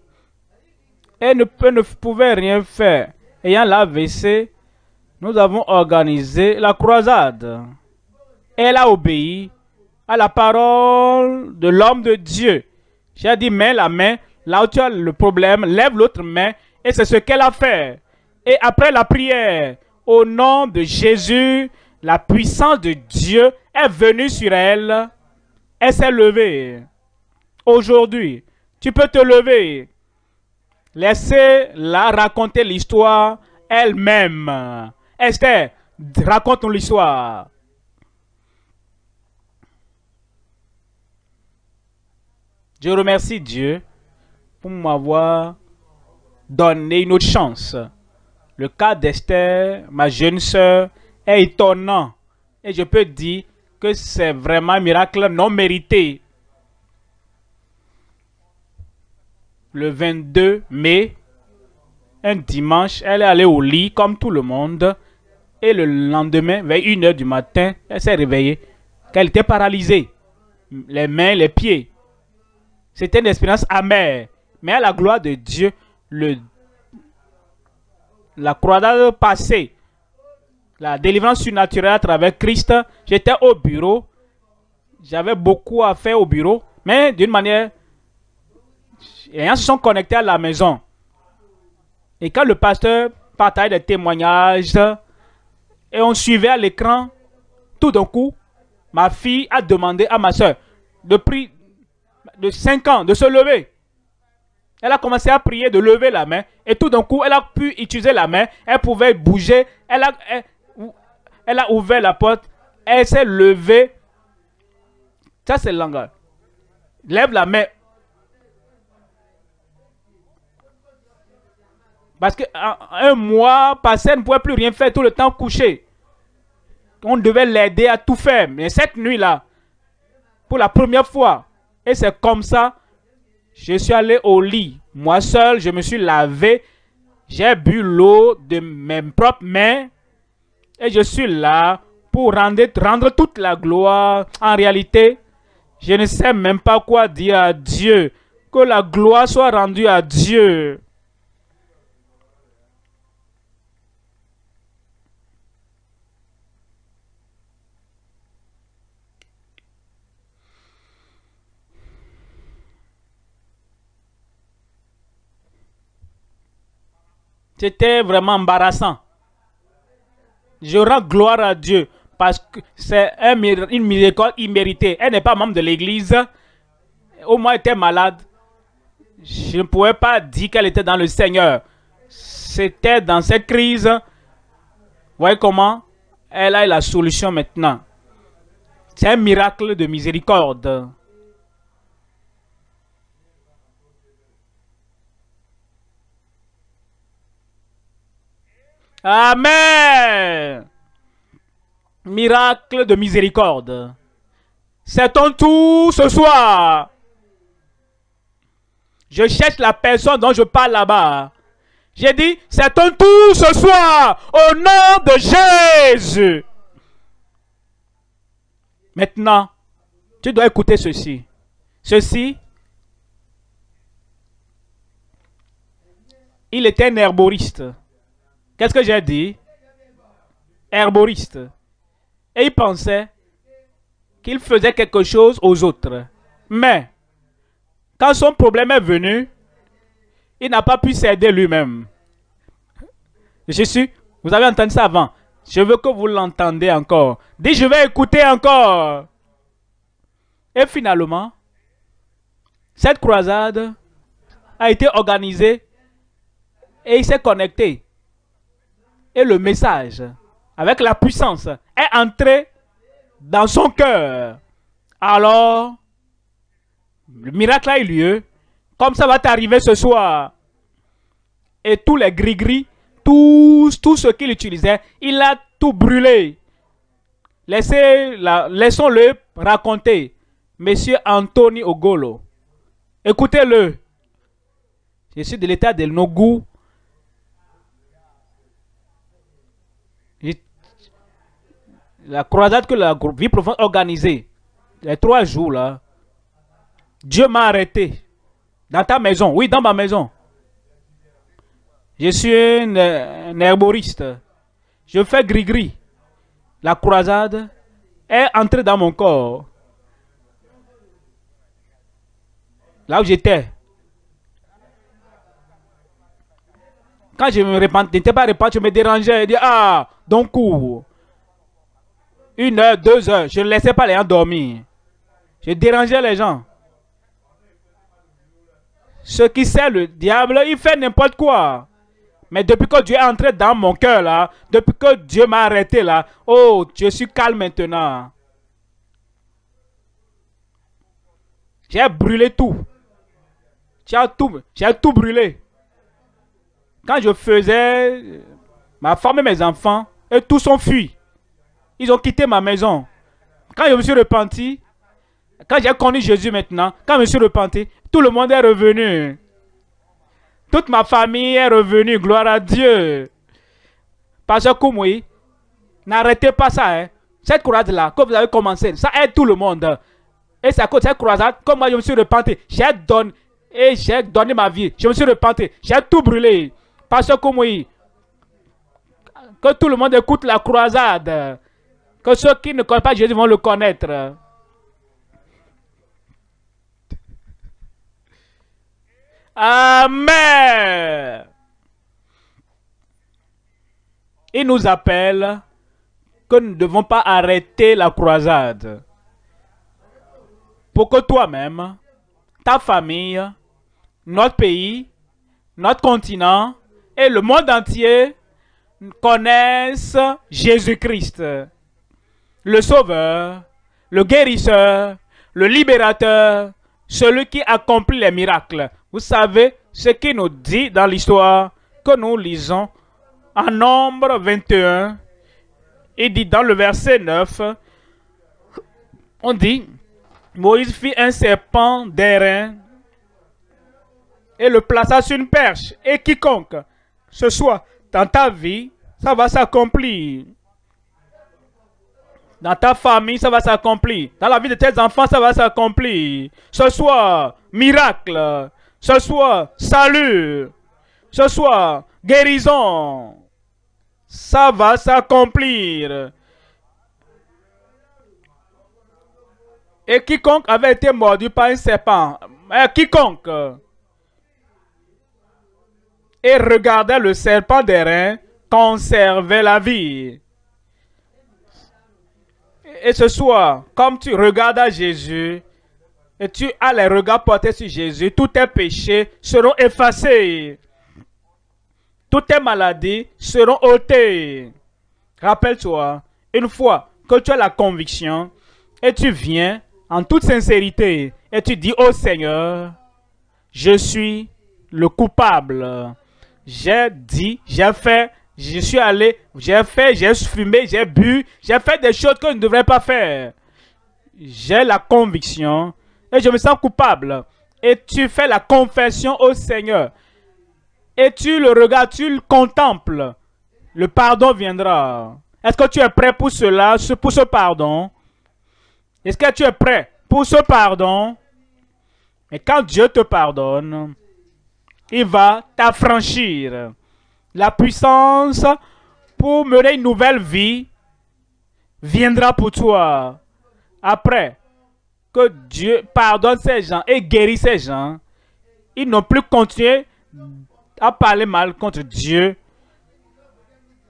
Elle ne, elle ne pouvait rien faire. Ayant l'AVC, nous avons organisé la croisade. Elle a obéi à la parole de l'homme de Dieu. J'ai dit mets la main là où tu as le problème, lève l'autre main et c'est ce qu'elle a fait. Et après la prière, au nom de Jésus, la puissance de Dieu est venue sur elle. Elle s'est levée. Aujourd'hui, tu peux te lever. Laissez-la raconter l'histoire elle-même. Esther, raconte-nous l'histoire. Je remercie Dieu pour m'avoir donné une autre chance. Le cas d'Esther, ma jeune sœur, est étonnant. Et je peux dire que c'est vraiment un miracle non mérité. Le 22 mai, un dimanche, elle est allée au lit comme tout le monde. Et le lendemain, vers 1h du matin, elle s'est réveillée. Qu'elle était paralysée. Les mains, les pieds. C'était une expérience amère. Mais à la gloire de Dieu, le, la croisade passée, la délivrance surnaturelle à travers Christ, j'étais au bureau. J'avais beaucoup à faire au bureau. Mais d'une manière, les gens se sont connectés à la maison. Et quand le pasteur partageait des témoignages et on suivait à l'écran, tout d'un coup, ma fille a demandé à ma soeur de, prier de 5 ans de se lever. Elle a commencé à prier de lever la main. Et tout d'un coup, elle a pu utiliser la main. Elle pouvait bouger. Elle a, elle, a ouvert la porte. Elle s'est levée. Ça, c'est le Lève la main. Parce qu'un mois passé, elle ne pouvait plus rien faire, tout le temps couché. On devait l'aider à tout faire. Mais cette nuit-là, pour la première fois, et c'est comme ça, je suis allé au lit. Moi seul, je me suis lavé. J'ai bu l'eau de mes propres mains. Et je suis là pour rendre, toute la gloire. En réalité, je ne sais même pas quoi dire à Dieu. Que la gloire soit rendue à Dieu. C'était vraiment embarrassant. Je rends gloire à Dieu parce que c'est un, une miséricorde imméritée. Elle n'est pas membre de l'église. Au moins, elle était malade. Je ne pouvais pas dire qu'elle était dans le Seigneur. C'était dans cette crise. Vous voyez comment elle a la solution maintenant. C'est un miracle de miséricorde. Amen. Miracle de miséricorde. C'est ton tour ce soir. Je cherche la personne dont je parle là-bas. J'ai dit, c'est ton tour ce soir, au nom de Jésus. Maintenant, tu dois écouter ceci. Ceci, il était un herboriste. Qu'est-ce que j'ai dit Herboriste. Et il pensait qu'il faisait quelque chose aux autres. Mais, quand son problème est venu, il n'a pas pu s'aider lui-même. Jésus, vous avez entendu ça avant. Je veux que vous l'entendiez encore. Dis, je vais écouter encore. Et finalement, cette croisade a été organisée et il s'est connecté et le message, avec la puissance, est entré dans son cœur. Alors, le miracle a eu lieu, comme ça va t'arriver ce soir. Et tous les gris-gris, tout, ce qu'il utilisait, il a tout brûlé. Laissons-le raconter. Monsieur Anthony Ogolo. Écoutez-le. Je suis de l'état de Nogu la croisade que la vie profonde organisée, les trois jours là, Dieu m'a arrêté dans ta maison, oui, dans ma maison. Je suis un, herboriste. Je fais gris-gris. La croisade est entrée dans mon corps. Là où j'étais. Quand je me répandais pas répandu, je me dérangeais. Je ah, donc cours une heure, deux heures. Je ne laissais pas les gens dormir. Je dérangeais les gens. Ce qui savent, le diable, il fait n'importe quoi. Mais depuis que Dieu est entré dans mon cœur là, depuis que Dieu m'a arrêté là, oh, je suis calme maintenant. J'ai brûlé tout. J'ai tout, tout brûlé. Quand je faisais, ma femme et mes enfants, et tous ont fui. Ils ont quitté ma maison. Quand je me suis repenti, quand j'ai connu Jésus maintenant, quand je me suis repenti, tout le monde est revenu. Toute ma famille est revenue, gloire à Dieu. Pasteur Koumoui, n'arrêtez pas ça. Hein. Cette croisade-là, que vous avez commencé, ça aide tout le monde. Et c'est à cause cette croisade, comme moi je me suis repenti, j'ai donné, ma vie. Je me suis repenti, j'ai tout brûlé. Pasteur Koumoui, que tout le monde écoute la croisade que ceux qui ne connaissent pas Jésus vont le connaître. Amen. Il nous appelle que nous ne devons pas arrêter la croisade. Pour que toi-même, ta famille, notre pays, notre continent et le monde entier connaissent Jésus-Christ le sauveur, le guérisseur, le libérateur, celui qui accomplit les miracles. Vous savez ce qu'il nous dit dans l'histoire que nous lisons en Nombre 21. Il dit dans le verset 9, on dit, Moïse fit un serpent d'airain et le plaça sur une perche. Et quiconque ce soit dans ta vie, ça va s'accomplir. Dans ta famille, ça va s'accomplir. Dans la vie de tes enfants, ça va s'accomplir. Ce soit miracle. Ce soit salut. Ce soit guérison. Ça va s'accomplir. Et quiconque avait été mordu par un serpent, euh, quiconque, et regardait le serpent des reins, conservait la vie. Et ce soir, comme tu regardes à Jésus, et tu as les regards portés sur Jésus, tous tes péchés seront effacés. Toutes tes maladies seront ôtées. Rappelle-toi, une fois que tu as la conviction, et tu viens en toute sincérité, et tu dis, au oh Seigneur, je suis le coupable. J'ai dit, j'ai fait, je suis allé, j'ai fait, j'ai fumé, j'ai bu, j'ai fait des choses que je ne devrais pas faire. J'ai la conviction et je me sens coupable. Et tu fais la confession au Seigneur. Et tu le regardes, tu le contemples. Le pardon viendra. Est-ce que tu es prêt pour cela, pour ce pardon? Est-ce que tu es prêt pour ce pardon? Et quand Dieu te pardonne, il va t'affranchir la puissance pour mener une nouvelle vie viendra pour toi. Après que Dieu pardonne ces gens et guérit ces gens, ils n'ont plus continué à parler mal contre Dieu.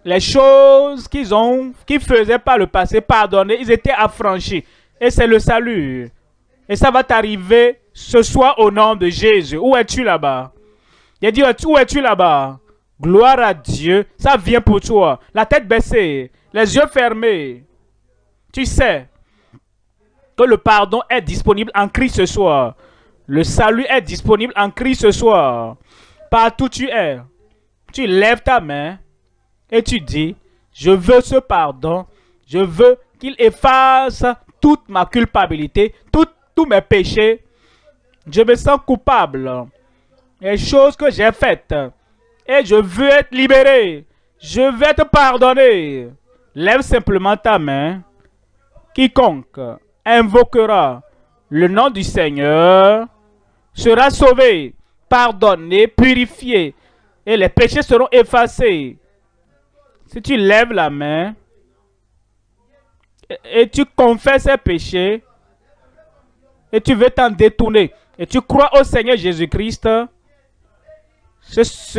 Les choses qu'ils ont, qu'ils faisaient par le passé, pardonner ils étaient affranchis. Et c'est le salut. Et ça va t'arriver ce soir au nom de Jésus. Où es-tu là-bas? Il a dit, où es-tu là-bas? Gloire à Dieu, ça vient pour toi. La tête baissée, les yeux fermés. Tu sais que le pardon est disponible en Christ ce soir. Le salut est disponible en Christ ce soir. Partout où tu es, tu lèves ta main et tu dis, je veux ce pardon, je veux qu'il efface toute ma culpabilité, tous mes péchés. Je me sens coupable. Les choses que j'ai faites, et je veux être libéré. Je vais te pardonner. Lève simplement ta main. Quiconque invoquera le nom du Seigneur sera sauvé, pardonné, purifié, et les péchés seront effacés. Si tu lèves la main et, tu confesses ces péchés, et tu veux t'en détourner, et tu crois au Seigneur Jésus-Christ,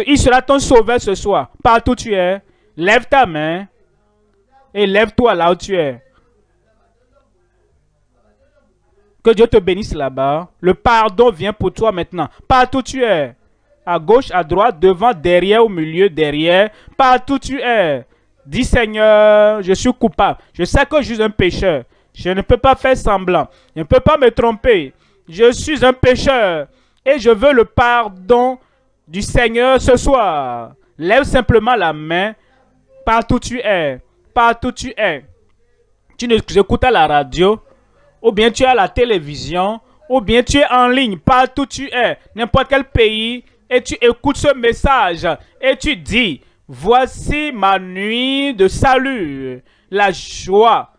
il sera ton sauveur ce soir. Partout où tu es, lève ta main et lève-toi là où tu es. Que Dieu te bénisse là-bas. Le pardon vient pour toi maintenant. Partout où tu es. À gauche, à droite, devant, derrière, au milieu, derrière. Partout où tu es. Dis Seigneur, je suis coupable. Je sais que je suis un pécheur. Je ne peux pas faire semblant. Je ne peux pas me tromper. Je suis un pécheur. Et je veux le pardon du Seigneur ce soir. Lève simplement la main partout tu es, partout tu es. Tu écoutes à la radio, ou bien tu es à la télévision, ou bien tu es en ligne, partout tu es, n'importe quel pays, et tu écoutes ce message, et tu dis, voici ma nuit de salut, la joie.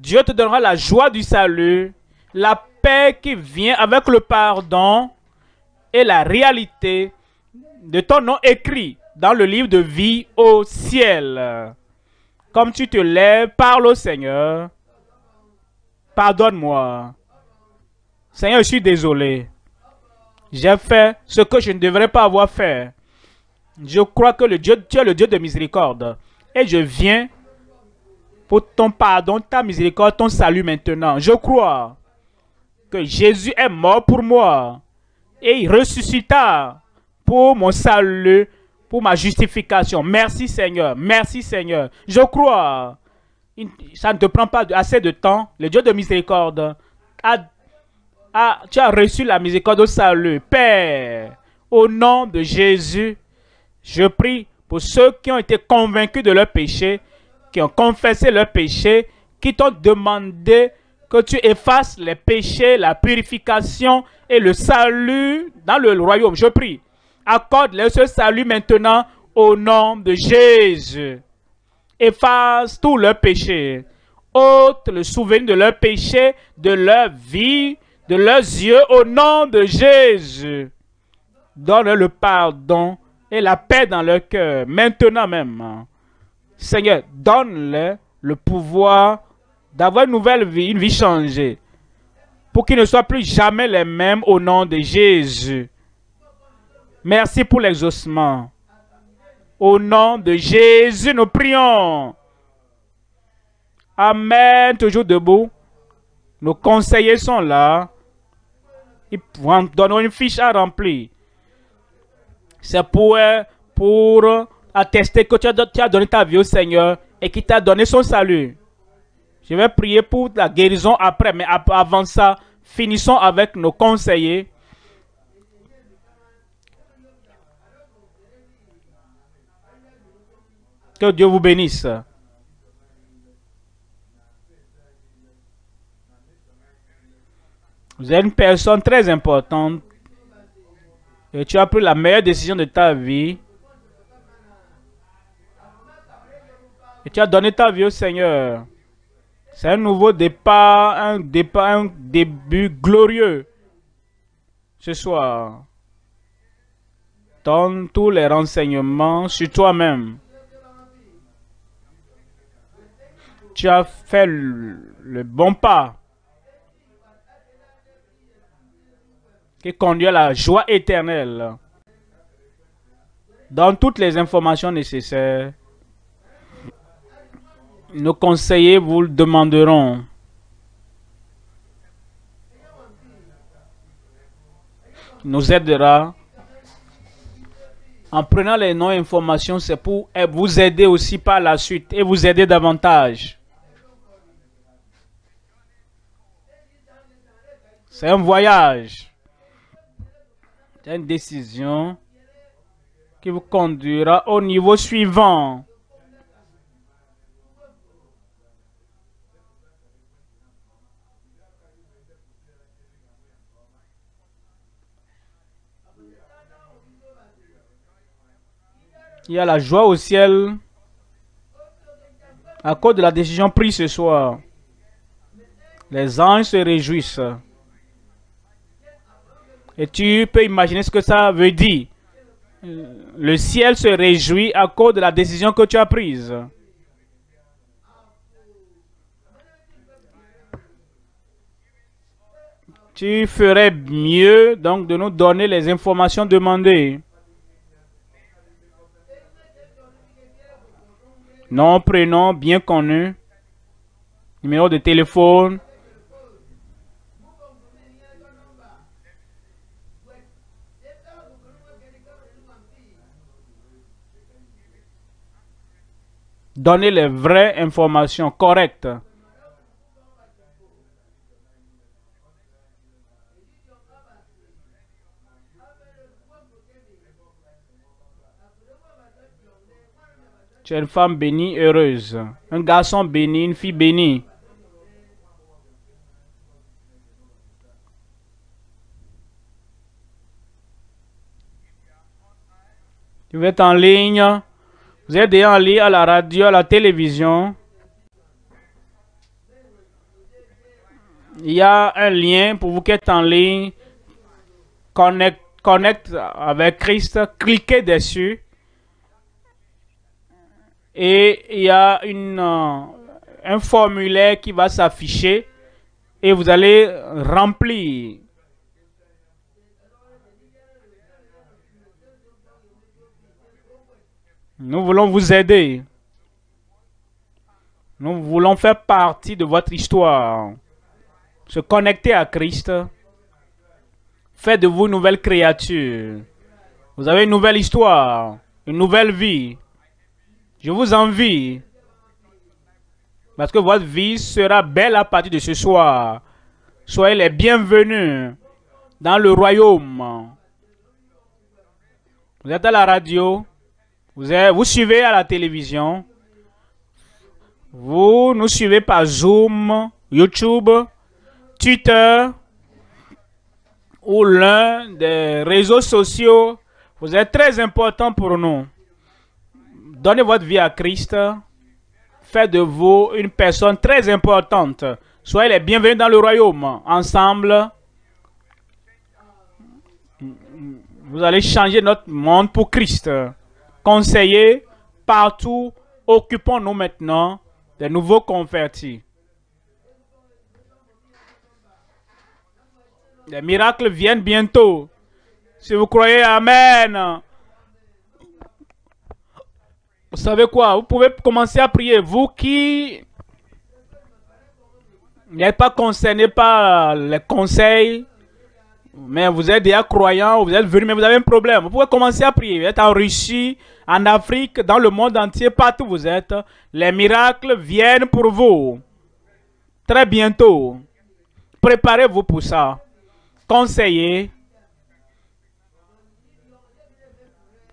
Dieu te donnera la joie du salut, la paix qui vient avec le pardon et la réalité de ton nom écrit dans le livre de vie au ciel. Comme tu te lèves, parle au Seigneur. Pardonne-moi. Seigneur, je suis désolé. J'ai fait ce que je ne devrais pas avoir fait. Je crois que le Dieu, tu es le Dieu de miséricorde. Et je viens pour ton pardon, ta miséricorde, ton salut maintenant. Je crois que Jésus est mort pour moi et il ressuscita pour mon salut, pour ma justification. Merci Seigneur, merci Seigneur. Je crois, ça ne te prend pas assez de temps. Le Dieu de miséricorde, a, a, tu as reçu la miséricorde au salut. Père, au nom de Jésus, je prie pour ceux qui ont été convaincus de leur péché, qui ont confessé leur péché, qui t'ont demandé que tu effaces les péchés, la purification et le salut dans le royaume. Je prie Accorde-leur ce salut maintenant au nom de Jésus. Efface tous leurs péchés. ôte le souvenir de leurs péchés, de leur vie, de leurs yeux au nom de Jésus. Donne-leur le pardon et la paix dans leur cœur, maintenant même. Seigneur, donne-leur le pouvoir d'avoir une nouvelle vie, une vie changée, pour qu'ils ne soient plus jamais les mêmes au nom de Jésus. Merci pour l'exaucement. Au nom de Jésus, nous prions. Amen. Toujours debout. Nos conseillers sont là. Ils donner une fiche à remplir. C'est pour, euh, pour attester que tu as donné ta vie au Seigneur et qu'il t'a donné son salut. Je vais prier pour la guérison après, mais avant ça, finissons avec nos conseillers. Que Dieu vous bénisse. Vous êtes une personne très importante. Et tu as pris la meilleure décision de ta vie. Et tu as donné ta vie au Seigneur. C'est un nouveau départ, un départ, un début glorieux. Ce soir, donne tous les renseignements sur toi-même. tu as fait le bon pas qui conduit à la joie éternelle dans toutes les informations nécessaires. Nos conseillers vous le demanderont. nous aidera. En prenant les non-informations, c'est pour vous aider aussi par la suite et vous aider davantage. C'est un voyage. C'est une décision qui vous conduira au niveau suivant. Il y a la joie au ciel à cause de la décision prise ce soir. Les anges se réjouissent. Et tu peux imaginer ce que ça veut dire. Euh, le ciel se réjouit à cause de la décision que tu as prise. Tu ferais mieux donc de nous donner les informations demandées. Nom, prénom bien connu, numéro de téléphone, Donner les vraies informations correctes. Tu es une femme bénie, heureuse. Un garçon béni, une fille bénie. Tu veux être en ligne. Vous êtes déjà en ligne à la radio, à la télévision. Il y a un lien pour vous qui êtes en ligne. Connect, avec Christ. Cliquez dessus. Et il y a euh, un formulaire qui va s'afficher. Et vous allez remplir Nous voulons vous aider. Nous voulons faire partie de votre histoire. Se connecter à Christ. Faites de vous une nouvelle créature. Vous avez une nouvelle histoire, une nouvelle vie. Je vous envie. Parce que votre vie sera belle à partir de ce soir. Soyez les bienvenus dans le royaume. Vous êtes à la radio. Vous, suivez à la télévision. Vous nous suivez par Zoom, YouTube, Twitter ou l'un des réseaux sociaux. Vous êtes très important pour nous. Donnez votre vie à Christ. Faites de vous une personne très importante. Soyez les bienvenus dans le royaume. Ensemble, vous allez changer notre monde pour Christ conseillers partout. Occupons-nous maintenant des nouveaux convertis. Les miracles viennent bientôt. Si vous croyez, Amen. Vous savez quoi? Vous pouvez commencer à prier. Vous qui n'êtes pas concerné par les conseils, mais vous êtes déjà croyant, vous êtes venu, mais vous avez un problème. Vous pouvez commencer à prier. Vous êtes en Russie, en Afrique, dans le monde entier, partout où vous êtes. Les miracles viennent pour vous. Très bientôt. Préparez-vous pour ça. Conseillez.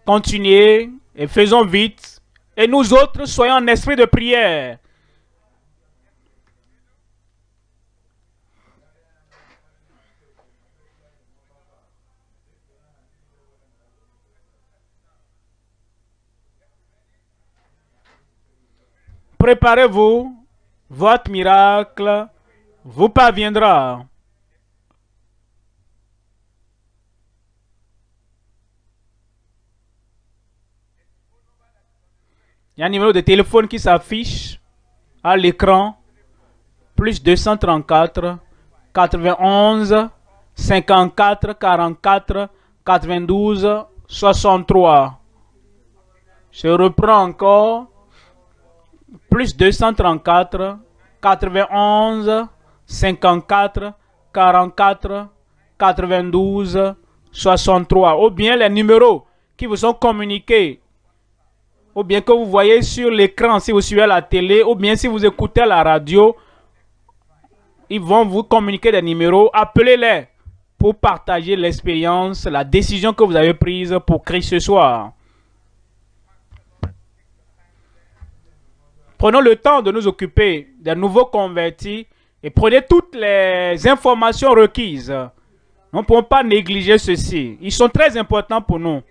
Continuez et faisons vite. Et nous autres, soyons en esprit de prière. Préparez-vous, votre miracle vous parviendra. Il y a un numéro de téléphone qui s'affiche à l'écran. Plus 234 91 54 44 92 63. Je reprends encore plus 234 91 54 44 92 63 ou bien les numéros qui vous sont communiqués ou bien que vous voyez sur l'écran si vous suivez la télé ou bien si vous écoutez la radio ils vont vous communiquer des numéros appelez-les pour partager l'expérience la décision que vous avez prise pour Christ ce soir Prenons le temps de nous occuper des nouveaux convertis et prenez toutes les informations requises. Nous ne pouvons pas négliger ceci. Ils sont très importants pour nous.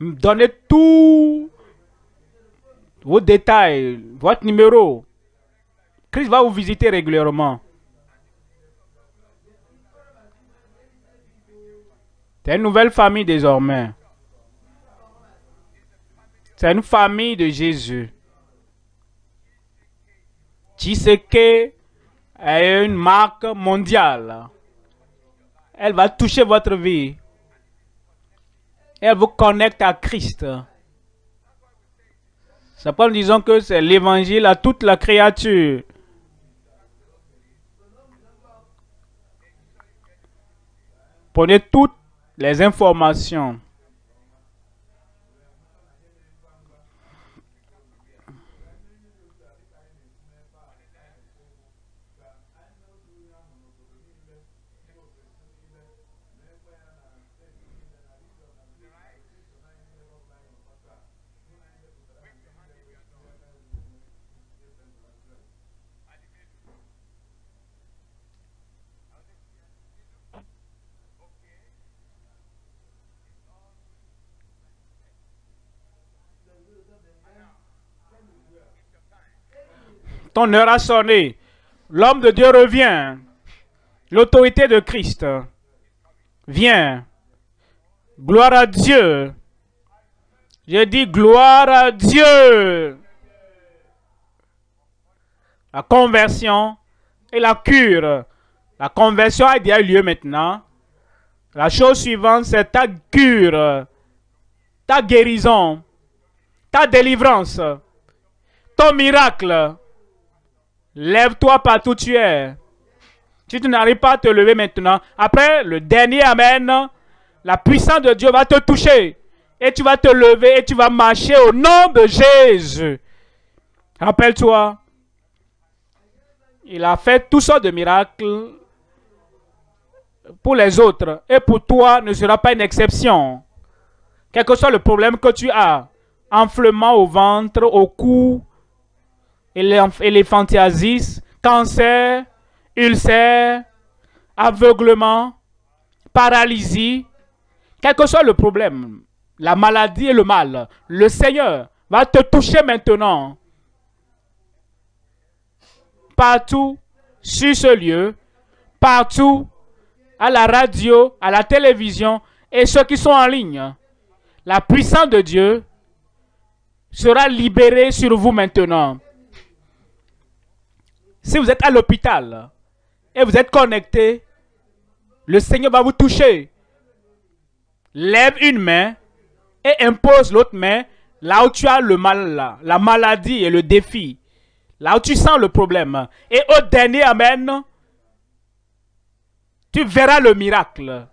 Donnez tout vos détails, votre numéro. Christ va vous visiter régulièrement. C'est une nouvelle famille désormais. C'est une famille de Jésus. Tshiseke est une marque mondiale. Elle va toucher votre vie. Elle vous connecte à Christ. Ça parle en disant que c'est l'évangile à toute la créature. Prenez toutes les informations ton heure a sonné. L'homme de Dieu revient. L'autorité de Christ vient. Gloire à Dieu. J'ai dit gloire à Dieu. La conversion et la cure. La conversion a déjà lieu maintenant. La chose suivante, c'est ta cure, ta guérison, ta délivrance, ton miracle. Lève-toi partout où tu es. Si tu n'arrives pas à te lever maintenant, après le dernier Amen, la puissance de Dieu va te toucher. Et tu vas te lever et tu vas marcher au nom de Jésus. Rappelle-toi, il a fait tout sortes de miracles pour les autres. Et pour toi, ne sera pas une exception. Quel que soit le problème que tu as, enflement au ventre, au cou, éléphantiasis, cancer, ulcère, aveuglement, paralysie. Quel que soit le problème, la maladie et le mal, le Seigneur va te toucher maintenant. Partout sur ce lieu, partout, à la radio, à la télévision et ceux qui sont en ligne. La puissance de Dieu sera libérée sur vous maintenant. Si vous êtes à l'hôpital et vous êtes connecté, le Seigneur va vous toucher. Lève une main et impose l'autre main là où tu as le mal, la maladie et le défi. Là où tu sens le problème. Et au dernier Amen, tu verras le miracle.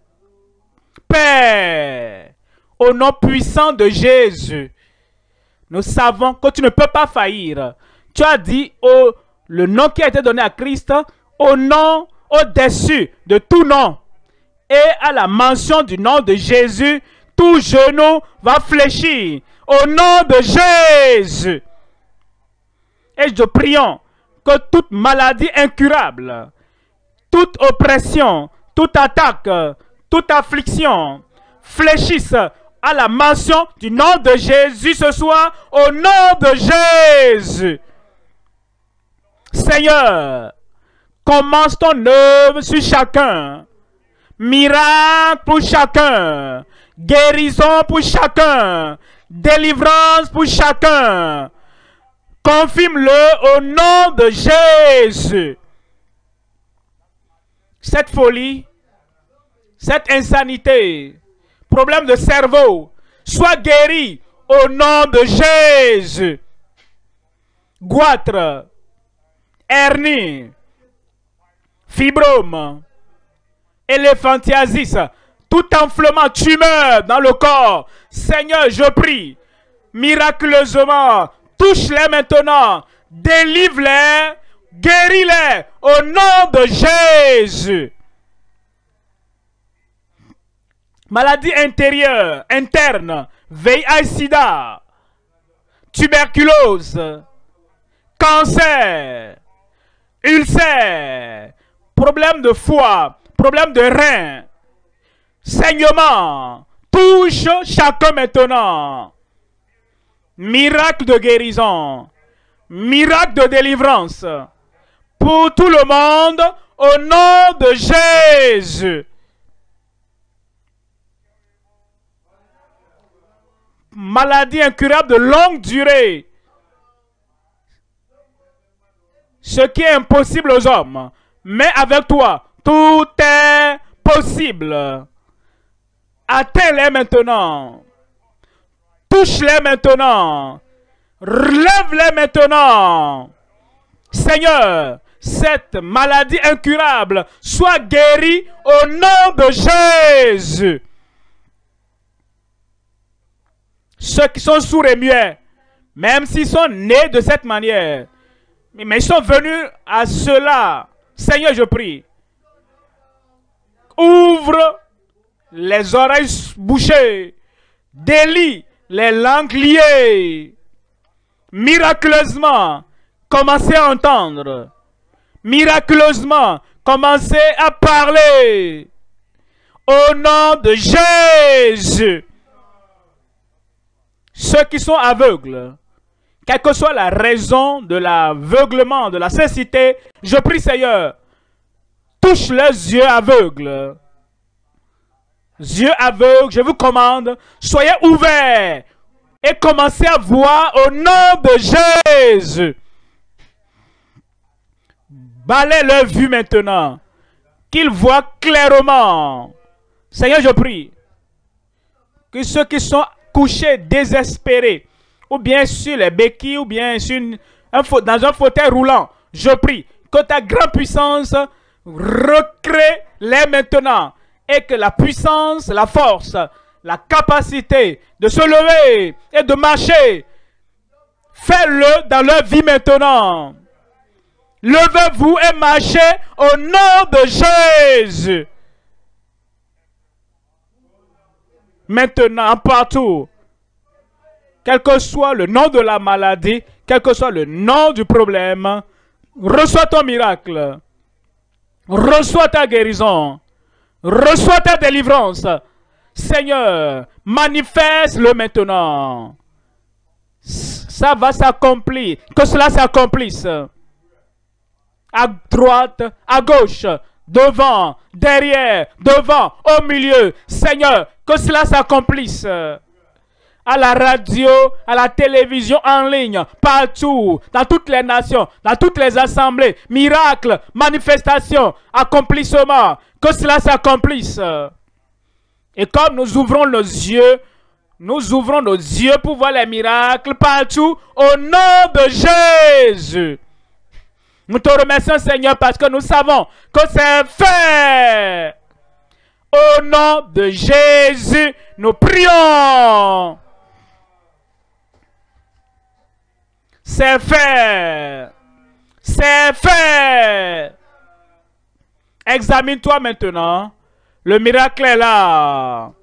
Père, au nom puissant de Jésus, nous savons que tu ne peux pas faillir. Tu as dit au le nom qui a été donné à Christ, au nom au-dessus de tout nom, et à la mention du nom de Jésus, tout genou va fléchir au nom de Jésus. Et je prions que toute maladie incurable, toute oppression, toute attaque, toute affliction fléchisse à la mention du nom de Jésus ce soir au nom de Jésus. Seigneur, commence ton œuvre sur chacun. Miracle pour chacun. Guérison pour chacun. Délivrance pour chacun. Confirme-le au nom de Jésus. Cette folie, cette insanité, problème de cerveau, soit guéri au nom de Jésus. Goitre, hernie, fibrome, éléphantiasis, tout enflement, tumeur dans le corps. Seigneur, je prie, miraculeusement, touche-les maintenant, délivre-les, guéris-les au nom de Jésus. Maladie intérieure, interne, VIH-Sida, tuberculose, cancer, ulcère, problème de foie, problème de rein, saignement, touche chacun maintenant. Miracle de guérison, miracle de délivrance pour tout le monde au nom de Jésus. Maladie incurable de longue durée, ce qui est impossible aux hommes. Mais avec toi, tout est possible. Atteins-les maintenant. Touche-les maintenant. Relève-les maintenant. Seigneur, cette maladie incurable soit guérie au nom de Jésus. Ceux qui sont sourds et muets, même s'ils sont nés de cette manière, mais ils sont venus à cela. Seigneur, je prie. Ouvre les oreilles bouchées. Délie les langues liées. Miraculeusement, commencez à entendre. Miraculeusement, commencez à parler. Au nom de Jésus. Ceux qui sont aveugles, quelle que soit la raison de l'aveuglement, de la cécité, je prie Seigneur, touche les yeux aveugles. Yeux aveugles, je vous commande, soyez ouverts et commencez à voir au nom de Jésus. Balayez leur vue maintenant, qu'ils voient clairement. Seigneur, je prie que ceux qui sont couchés, désespérés, ou bien sur les béquilles, ou bien sur dans un fauteuil roulant. Je prie que ta grande puissance recrée les maintenant et que la puissance, la force, la capacité de se lever et de marcher, fais-le dans leur vie maintenant. Levez-vous et marchez au nom de Jésus. Maintenant, partout quel que soit le nom de la maladie, quel que soit le nom du problème, reçois ton miracle, reçois ta guérison, reçois ta délivrance. Seigneur, manifeste-le maintenant. Ça va s'accomplir, que cela s'accomplisse. À droite, à gauche, devant, derrière, devant, au milieu. Seigneur, que cela s'accomplisse à la radio, à la télévision, en ligne, partout, dans toutes les nations, dans toutes les assemblées. Miracles, manifestation, accomplissement, que cela s'accomplisse. Et comme nous ouvrons nos yeux, nous ouvrons nos yeux pour voir les miracles partout au nom de Jésus. Nous te remercions Seigneur parce que nous savons que c'est fait. Au nom de Jésus, nous prions. C'est fait. C'est fait. Examine-toi maintenant. Le miracle est là.